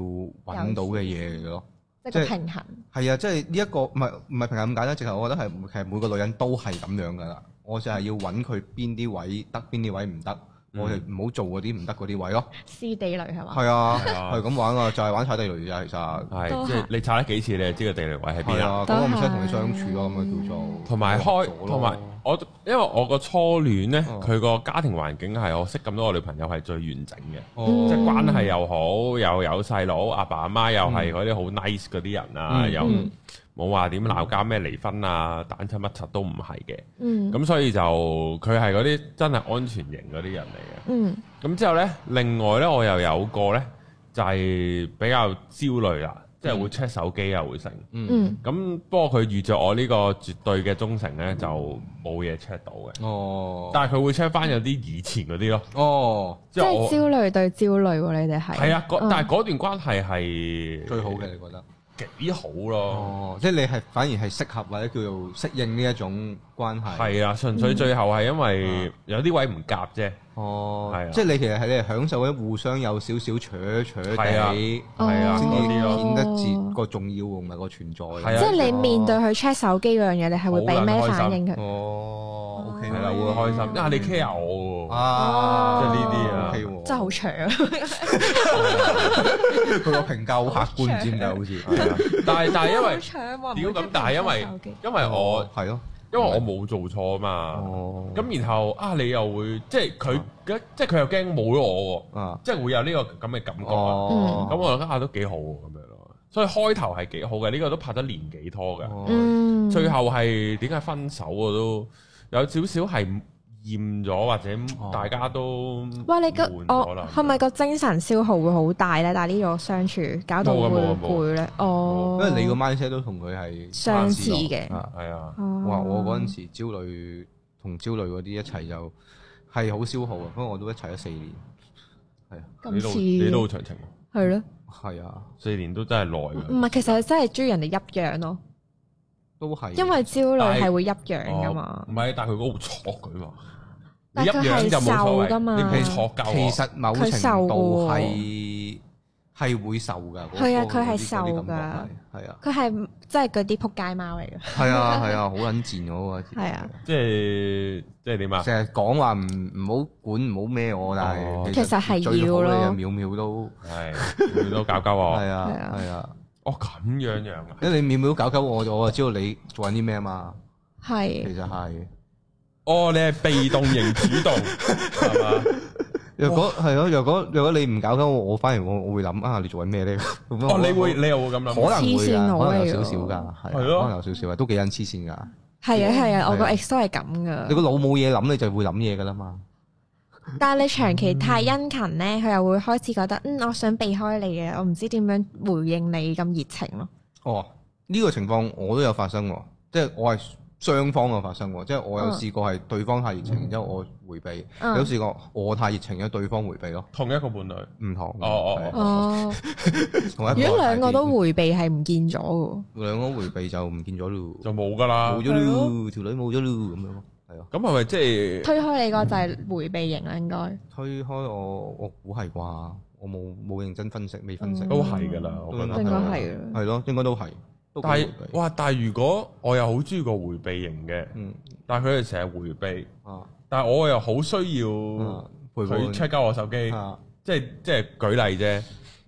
揾到嘅嘢嚟嘅咯，即係事平衡。係啊，即係呢一個唔係唔係平衡咁簡單，直頭我覺得係其實每個女人都係咁樣噶啦。我就係要揾佢邊啲位得，邊啲位唔得，我哋唔好做嗰啲唔得嗰啲位咯。踩地雷係嘛？係啊，係咁玩啊，就係玩踩地雷啫。其實係即係你踩得幾次，你就知個地雷位喺邊啦。咁我咪識同你相處咯。咁咪叫做同埋開，同埋我因為我個初戀咧，佢個家庭環境係我識咁多個女朋友係最完整嘅，即係關係又好，又有細佬，阿爸阿媽又係嗰啲好 nice 嗰啲人啊，又。冇話點鬧交咩離婚啊、單親乜柒都唔係嘅，咁所以就佢係嗰啲真係安全型嗰啲人嚟嘅。咁之後咧，另外咧我又有個咧，就係比較焦慮啦，即係會 check 手機啊會成。咁不過佢遇著我呢個絕對嘅忠誠咧，就冇嘢 check 到嘅。哦，但係佢會 check 翻有啲以前嗰啲咯。哦，即係焦慮對焦慮喎，你哋係。係啊，但係嗰段關係係最好嘅，你覺得？幾好咯！哦，即係你係反而係適合或者叫做適應呢一種關係。係啊、嗯，純粹最後係因為有啲位唔夾啫。哦，係、啊，即係你其實係你係享受緊互相有少少扯扯地，係啊，先至顯得個重要同埋個存在。係啊，即係你面對佢 check 手機嗰樣嘢，你係會俾咩反應佢？哦。你又會開心，因為你 care 我喎，即係呢啲啊，真係好長。佢個評價好客觀，知唔知？好似，但係但係因為屌咁？但係因為因為我係咯，因為我冇做錯啊嘛。咁然後啊，你又會即係佢，即係佢又驚冇咗我喎，即係會有呢個咁嘅感覺。咁我覺得啊，都幾好咁樣咯。所以開頭係幾好嘅，呢個都拍得年幾拖嘅。最後係點解分手啊？都？有少少係厭咗，或者大家都哇，你覺哦，係咪個精神消耗會好大咧？但係呢個相處搞到攰咧。哦，因為你個 mindset 都同佢係相似嘅。係啊，哇！我嗰陣時焦慮同焦慮嗰啲一齊就係好消耗啊。不過我都一齊咗四年，係啊，你都你都好長情。係咯，係啊，四年都真係耐啊。唔係，其實真係中意人哋一樣咯。都係因為焦慮係會一樣噶嘛，唔係，但係佢會坐佢嘛，但係佢係噶嘛，坐夠，其實某程度係係會瘦噶，係啊，佢係瘦噶，係啊，佢係即係嗰啲撲街貓嚟嘅。係啊係啊，好撚賤嗰個，係啊，即係即係點啊，成日講話唔唔好管唔好孭我，但係其實係要咯，秒秒都係都搞搞我。係啊係啊。哦，咁樣樣啊！因為你每每都搞搞我，我就知道你做緊啲咩嘛。係，其實係。哦，你係被動型主動，係嘛。若果係咯，若果若果你唔搞緊我，我反而我我會諗啊，你做緊咩咧？哦，你會你又會咁諗？可能會啊，可能有少少噶，係。可能有少少啊，都幾陰黐線噶。係啊係啊，我個 ex 都係咁噶。你個腦冇嘢諗，你就會諗嘢噶啦嘛。但係你長期太殷勤咧，佢又會開始覺得，嗯，我想避開你嘅，我唔知點樣回應你咁熱情咯。哦，呢個情況我都有發生，即係我係雙方嘅發生，即係我有試過係對方太熱情，因為我回避；有試過我太熱情，因對方回避咯。同一個伴侶，唔同。哦哦哦。同一個。如果兩個都回避，係唔見咗噶。兩個回避就唔見咗咯，就冇噶啦，冇咗咯，條女冇咗咯，咁樣。係啊，咁係咪即係推開你個就係回避型啦？應該推開我，我估係啩，我冇冇認真分析，未分析都係噶啦，我覺得係嘅，係咯，應該都係。但係哇，但係如果我又好中意個回避型嘅，嗯，但係佢哋成日回避，啊，但係我又好需要佢 check 交我手機，即係即係舉例啫。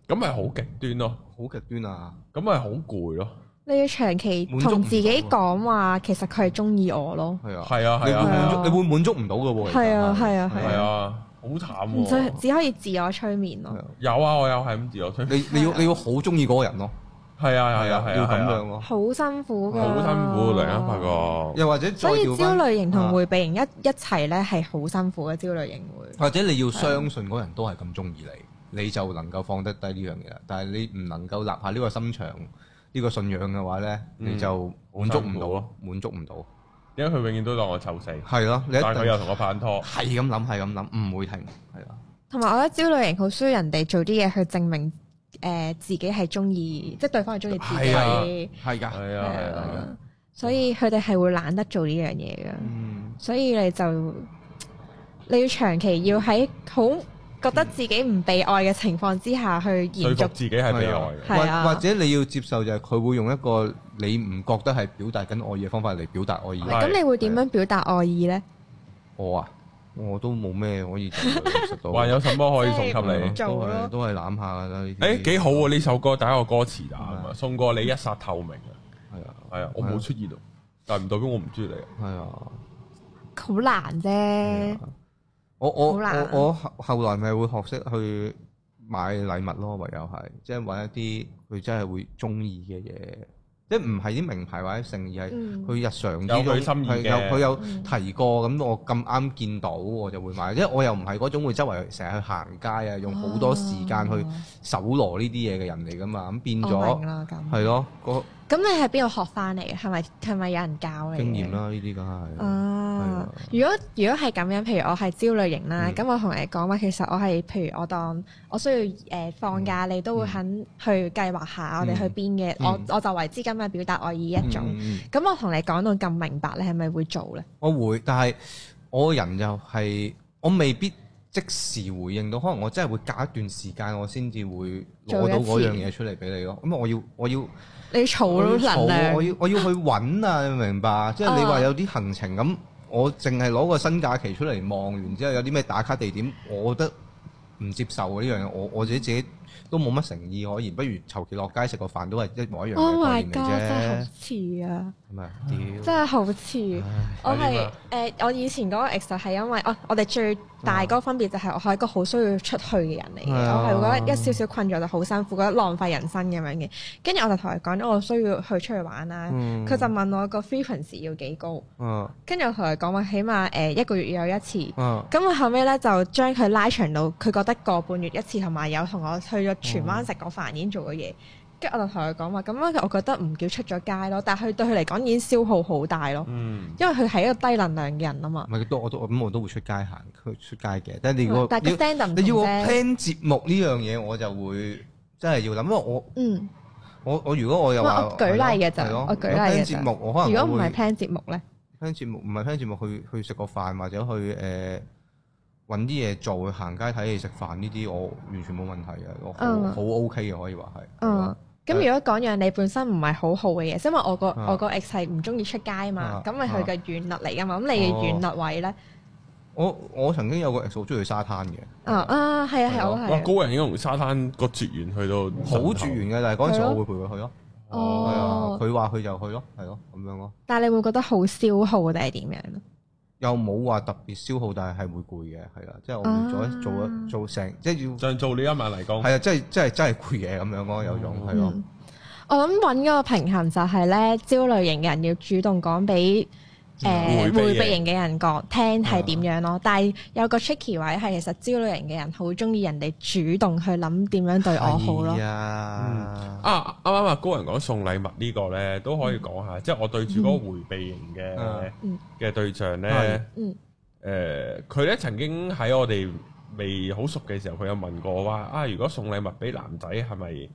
咁咪好極端咯，好極端啊！咁咪好攰咯。你要長期同自己講話，其實佢係中意我咯。係啊，係啊，係啊，你會滿足唔到嘅喎。係啊，係啊，係啊，好慘。只只可以自我催眠咯。有啊，我有，係咁自我催眠。你你要你要好中意嗰個人咯。係啊，係啊，要咁樣咯。好辛苦㗎。好辛苦兩一拍㗎。又或者再焦慮型同迴避型一一齊咧，係好辛苦嘅，焦慮型會。或者你要相信嗰人都係咁中意你，你就能夠放得低呢樣嘢。但係你唔能夠立下呢個心腸。呢個信仰嘅話咧，嗯、你就滿足唔到咯，啊、滿足唔到，因為佢永遠都當我醜死。係咯、啊，你一但佢又同我拍緊拖，係咁諗，係咁諗，唔會停，係啊。同埋我覺得焦慮型好需要人哋做啲嘢去證明誒自己係中意，即係對方係中意自己。係啊，係㗎，係啊，係啊。所以佢哋係會懶得做呢樣嘢㗎。嗯、所以你就你要長期要喺好。覺得自己唔被愛嘅情況之下，去延續自己係被愛嘅，或或者你要接受就係佢會用一個你唔覺得係表達緊愛意嘅方法嚟表達愛意。咁你會點樣表達愛意咧？我啊，我都冇咩可以做到。還有什麼可以送給你？都係都係攬下嘅啦。誒幾好喎！呢首歌第一個歌詞啊，送過你一剎透明啊。係啊，係啊，我冇出現但唔代表我唔中意你啊。係啊，好難啫。我難我我我後後來咪會學識去買禮物咯，唯有係即係搵一啲佢真係會中意嘅嘢，即係唔係啲名牌或者剩，而係佢日常啲、嗯、有佢有提過咁、嗯、我咁啱見到我就會買，因為我又唔係嗰種會周圍成日去行街啊，用好多時間去搜羅呢啲嘢嘅人嚟㗎嘛，咁、啊、變咗係、oh, 咯。咁你喺邊度學翻嚟嘅？係咪係咪有人教你？經驗啦，呢啲梗係。哦、啊的，如果如果係咁樣，譬如我係焦慮型啦，咁、嗯、我同你講話，其實我係譬如我當我需要誒、呃、放假，嗯、你都會肯去計劃下我哋去邊嘅，嗯、我我就為之咁樣表達我意一種。咁、嗯、我同你講到咁明白，你係咪會做咧？我會，但係我人又、就、係、是，我未必即時回應到，可能我真係會隔一段時間，我先至會攞到嗰樣嘢出嚟俾你咯。咁我要我要。我要我要我要你嘈都得，我要我要去揾啊！你明唔明白，即係你話有啲行程咁，我淨係攞個新假期出嚟望完之後，有啲咩打卡地點，我覺得唔接受呢樣嘢，我我自己自己都冇乜誠意可言，不如求其落街食個飯都係一模一樣嘅概念啫。好似、oh、啊！係，屌！ <laughs> 真係好似，我係誒，我以前嗰個 ex 係因為，哦，我哋最。大哥分別就係我係一個好需要出去嘅人嚟嘅，啊、我係覺得一少少困咗就好辛苦，覺得浪費人生咁樣嘅。跟住我就同佢講咗我需要去出去玩啦、啊，佢、嗯、就問我個 frequency 要幾高，啊、跟住我同佢講話起碼誒一個月有一次，咁我、啊、後尾咧就將佢拉長到佢覺得個半月一次，同埋有同我去咗荃灣食個飯已經做過嘢。跟住我就同佢講話，咁樣我覺得唔叫出咗街咯，但係佢對佢嚟講已經消耗好大咯，因為佢係一個低能量嘅人啊嘛。唔係，都我都咁我都會出街行，出街嘅。但係你如果你要我聽節目呢樣嘢，我就會真係要諗，因為我嗯我我如果我又話舉例嘅就我舉例嘅，如果唔係聽節目咧，聽節目唔係聽節目去去食個飯或者去誒揾啲嘢做去行街睇戲食飯呢啲，我完全冇問題嘅，我好 OK 嘅可以話係。咁如果講樣你本身唔係好好嘅嘢，因為我個我個 X 係唔中意出街啊嘛，咁咪佢個軟肋嚟噶嘛，咁你嘅軟肋位咧？我我曾經有個 X 好中意去沙灘嘅。啊啊，係啊係我係。高人應該同沙灘個絕緣去到好絕緣嘅，但係嗰陣時我會陪佢去咯。哦，係啊，佢話去就去咯，係咯，咁樣咯。但係你會覺得好消耗定係點樣？又冇話特別消耗，但係係會攰嘅，係啦，即係、啊、我做咗做一做成，即係要像做呢一晚嚟講，係啊，即係即係真係攰嘢咁樣咯，有用。係咯、嗯。的我諗揾嗰個平衡就係、是、咧，焦慮型嘅人要主動講俾。誒迴避、呃、避型嘅人講聽係點樣咯？嗯、但係有個 tricky 位係其實焦慮型嘅人好中意人哋主動去諗點樣對我好咯。啊，啱啱阿高人講送禮物個呢個咧都可以講下，嗯、即係我對住嗰個迴避型嘅嘅、嗯、對象咧，誒佢咧曾經喺我哋未好熟嘅時候，佢有問過我話啊，如果送禮物俾男仔係咪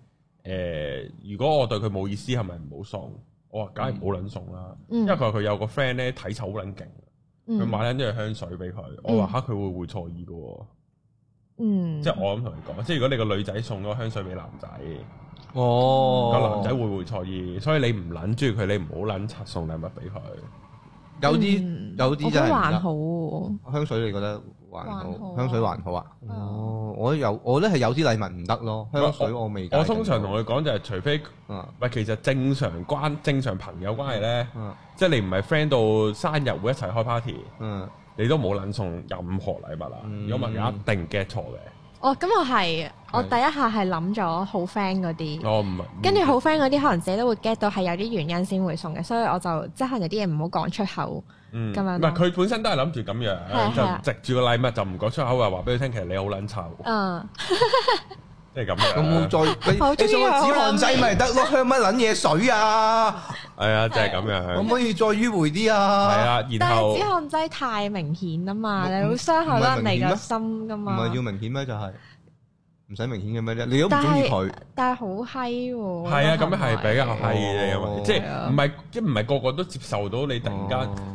誒？如果我對佢冇意思，係咪唔好送？我話梗係唔好撚送啦，嗯、因為佢佢有個 friend 咧，體臭好撚勁，佢、嗯、買緊啲嘢，香水俾佢。我話吓，佢會會錯意噶，嗯，嗯即係我咁同佢講，即係如果你個女仔送咗香水俾男仔，哦，個男仔會唔會錯意，所以你唔撚中意佢，你唔好撚送禮物俾佢。嗯。有啲有啲真係啦，香水你覺得？還好，香水還好啊，哦、嗯 oh，我有我咧係有啲禮物唔得咯，香水我未我。我通常同佢講就係、是，除非啊，唔其實正常關正常朋友關係咧，嗯啊、即係你唔係 friend 到生日會一齊開 party，嗯、你都冇撚送任何禮物啦。如果唔係一定嘅錯嘅。哦，咁我係，的我第一下係諗咗好 friend 嗰啲，跟住、哦、好 friend 嗰啲可能自己都會 get 到係有啲原因先會送嘅，所以我就即係有啲嘢唔好講出口咁啊。唔係佢本身都係諗住咁樣，就藉住個禮物就唔講出口話，話俾佢聽其實你好撚臭。嗯 <laughs> 即係咁樣，可唔可以再你你用個止汗劑咪得咯？香乜撚嘢水啊？係啊，就係咁樣。可唔可以再迂迴啲啊？係啊，然後止汗劑太明顯啊嘛，你會傷害啦，人哋個心噶嘛。唔係要明顯咩？就係唔使明顯嘅咩啫。你都唔中意佢，但係好閪喎。係啊，咁樣係比較閪嘅，即係唔係即唔係個個都接受到你突然間。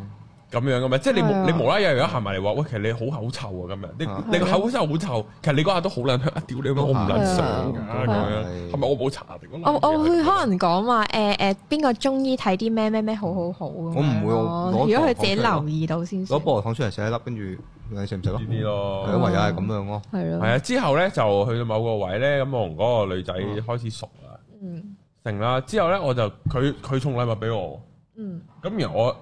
咁樣噶嘛？即係你無你無啦啦有人行埋嚟話喂，其實你好口臭啊！咁樣，你個你個口真係好臭。其實你嗰下都好捻香，啊屌你，我唔捻想噶咁樣。係咪我冇查定？我我會可能講話誒誒，邊個中醫睇啲咩咩咩好好好我唔會，我如果佢自己留意到先。攞薄荷糖出嚟食一粒，跟住你食唔食咯？呢啲咯，唯有係咁樣咯。係咯。係啊，之後咧就去到某個位咧，咁我同嗰個女仔開始熟啦。嗯。成啦，之後咧我就佢佢送禮物俾我。嗯。咁然我。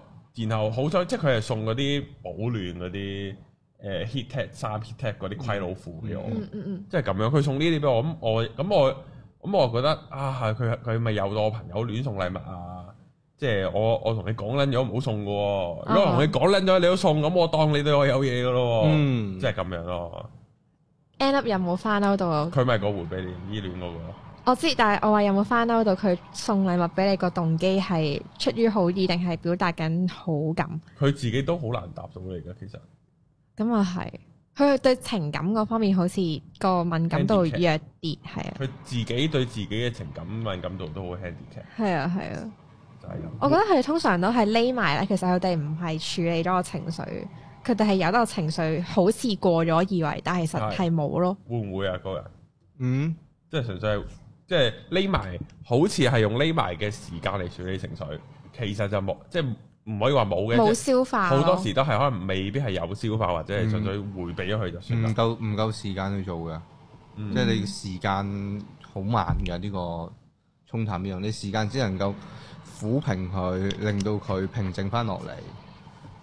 然後好彩，即係佢係送嗰啲保暖嗰啲誒 heat tech 三 heat tech 嗰啲龜老褲俾我，嗯嗯嗯嗯、我，即係咁樣。佢送呢啲俾我咁，我咁、嗯、我咁、嗯、我覺得啊，佢佢咪到我朋友亂送禮物啊！即、就、係、是、我我同你講撚咗唔好送嘅、啊，嗯、如果同你講撚咗你都送，咁我當你對我有嘢嘅咯，即係咁樣咯。end up 又冇翻嗰度，佢咪講回俾你依戀嗰個。 <laughs> 我知，但係我話有冇翻到到佢送禮物俾你個動機係出於好意，定係表達緊好感？佢自己都好難答到你㗎，其實。咁啊係，佢對情感嗰方面好似個敏感度弱啲，係 Handicap 啊。佢自己對自己嘅情感敏感度都好 handicap 嘅。係啊係啊，啊就係咁。我覺得佢哋通常都係匿埋咧，其實佢哋唔係處理咗個情緒，佢哋係有個情緒，好似過咗以為，但係實係冇咯。會唔會啊？個人，嗯，即係純粹係。即係匿埋，好似係用匿埋嘅時間嚟處理情緒，其實就冇，即係唔可以話冇嘅。冇消化。好多時都係可能未必係有消化，或者係純粹回避咗佢就算啦。唔夠唔夠時間去做嘅，嗯、即係你時間好慢嘅呢、這個沖淡一樣，你時間只能夠撫平佢，令到佢平靜翻落嚟。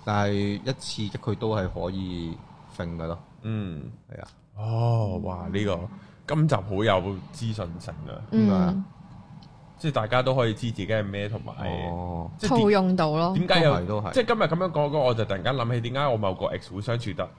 但係一次嘅佢都係可以醒嘅咯。嗯，係啊的。哦，哇，呢、嗯這個。今集好有資訊性啊！嗯，即係大家都可以知自己係咩同埋即套用到咯。點解又都係？即係今日咁樣講講，我就突然間諗起點解我某個 X 會相處得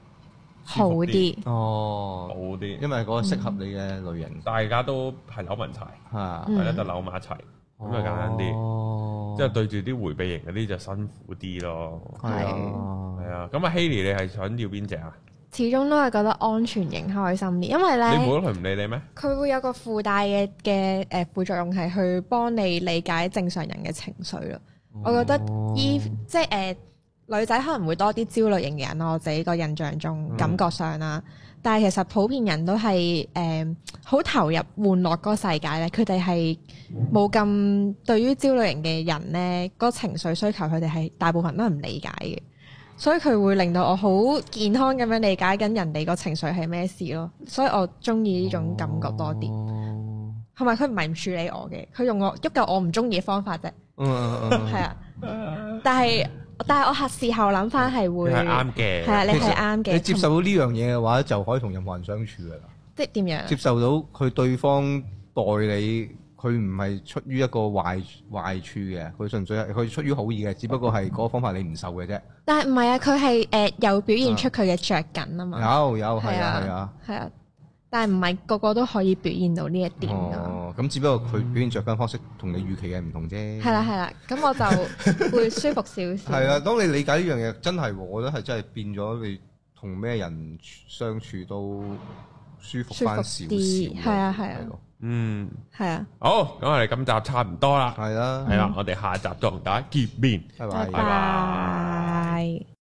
好啲哦，好啲，因為嗰個適合你嘅類型。大家都係扭文一齊，係一對扭埋一齊，咁就簡單啲。哦，即係對住啲回避型嗰啲就辛苦啲咯。係，係啊。咁啊希 e 你係想要邊隻啊？始終都係覺得安全型開心啲，因為咧佢會有個附帶嘅嘅誒副作用係去幫你理解正常人嘅情緒咯。哦、我覺得依即係誒、呃、女仔可能會多啲焦慮型嘅人咯，我自己個印象中、嗯、感覺上啦。但係其實普遍人都係誒好投入玩樂嗰個世界咧，佢哋係冇咁對於焦慮型嘅人咧、個情緒需求，佢哋係大部分都係唔理解嘅。所以佢會令到我好健康咁樣理解緊人哋個情緒係咩事咯，所以我中意呢種感覺多啲。同埋佢唔係唔處理我嘅，佢用我喐夠我唔中意嘅方法啫。嗯，係啊，但係但係我係事後諗翻係會係啱嘅。係啊，你係啱嘅。你接受到呢樣嘢嘅話，就可以同任何人相處噶啦。即係點樣？接受到佢對方代理。佢唔係出於一個壞壞處嘅，佢純粹係佢出於好意嘅，只不過係嗰個方法你唔受嘅啫。但係唔係啊？佢係誒有表現出佢嘅着緊啊嘛。有有係啊係啊係啊,啊，但係唔係個個都可以表現到呢一點。哦，咁只不過佢表現着緊方式同你預期嘅唔同啫。係啦係啦，咁、啊啊、我就會舒服少少。係 <laughs> 啊，當你理解呢樣嘢，真係我覺得係真係變咗，你同咩人相處都舒服翻少少。舒服啲係啊係啊。嗯，係啊，好，咁我哋今集差唔多啦，係啦，係啦，我哋下集再同大家見面，拜拜。拜拜拜拜。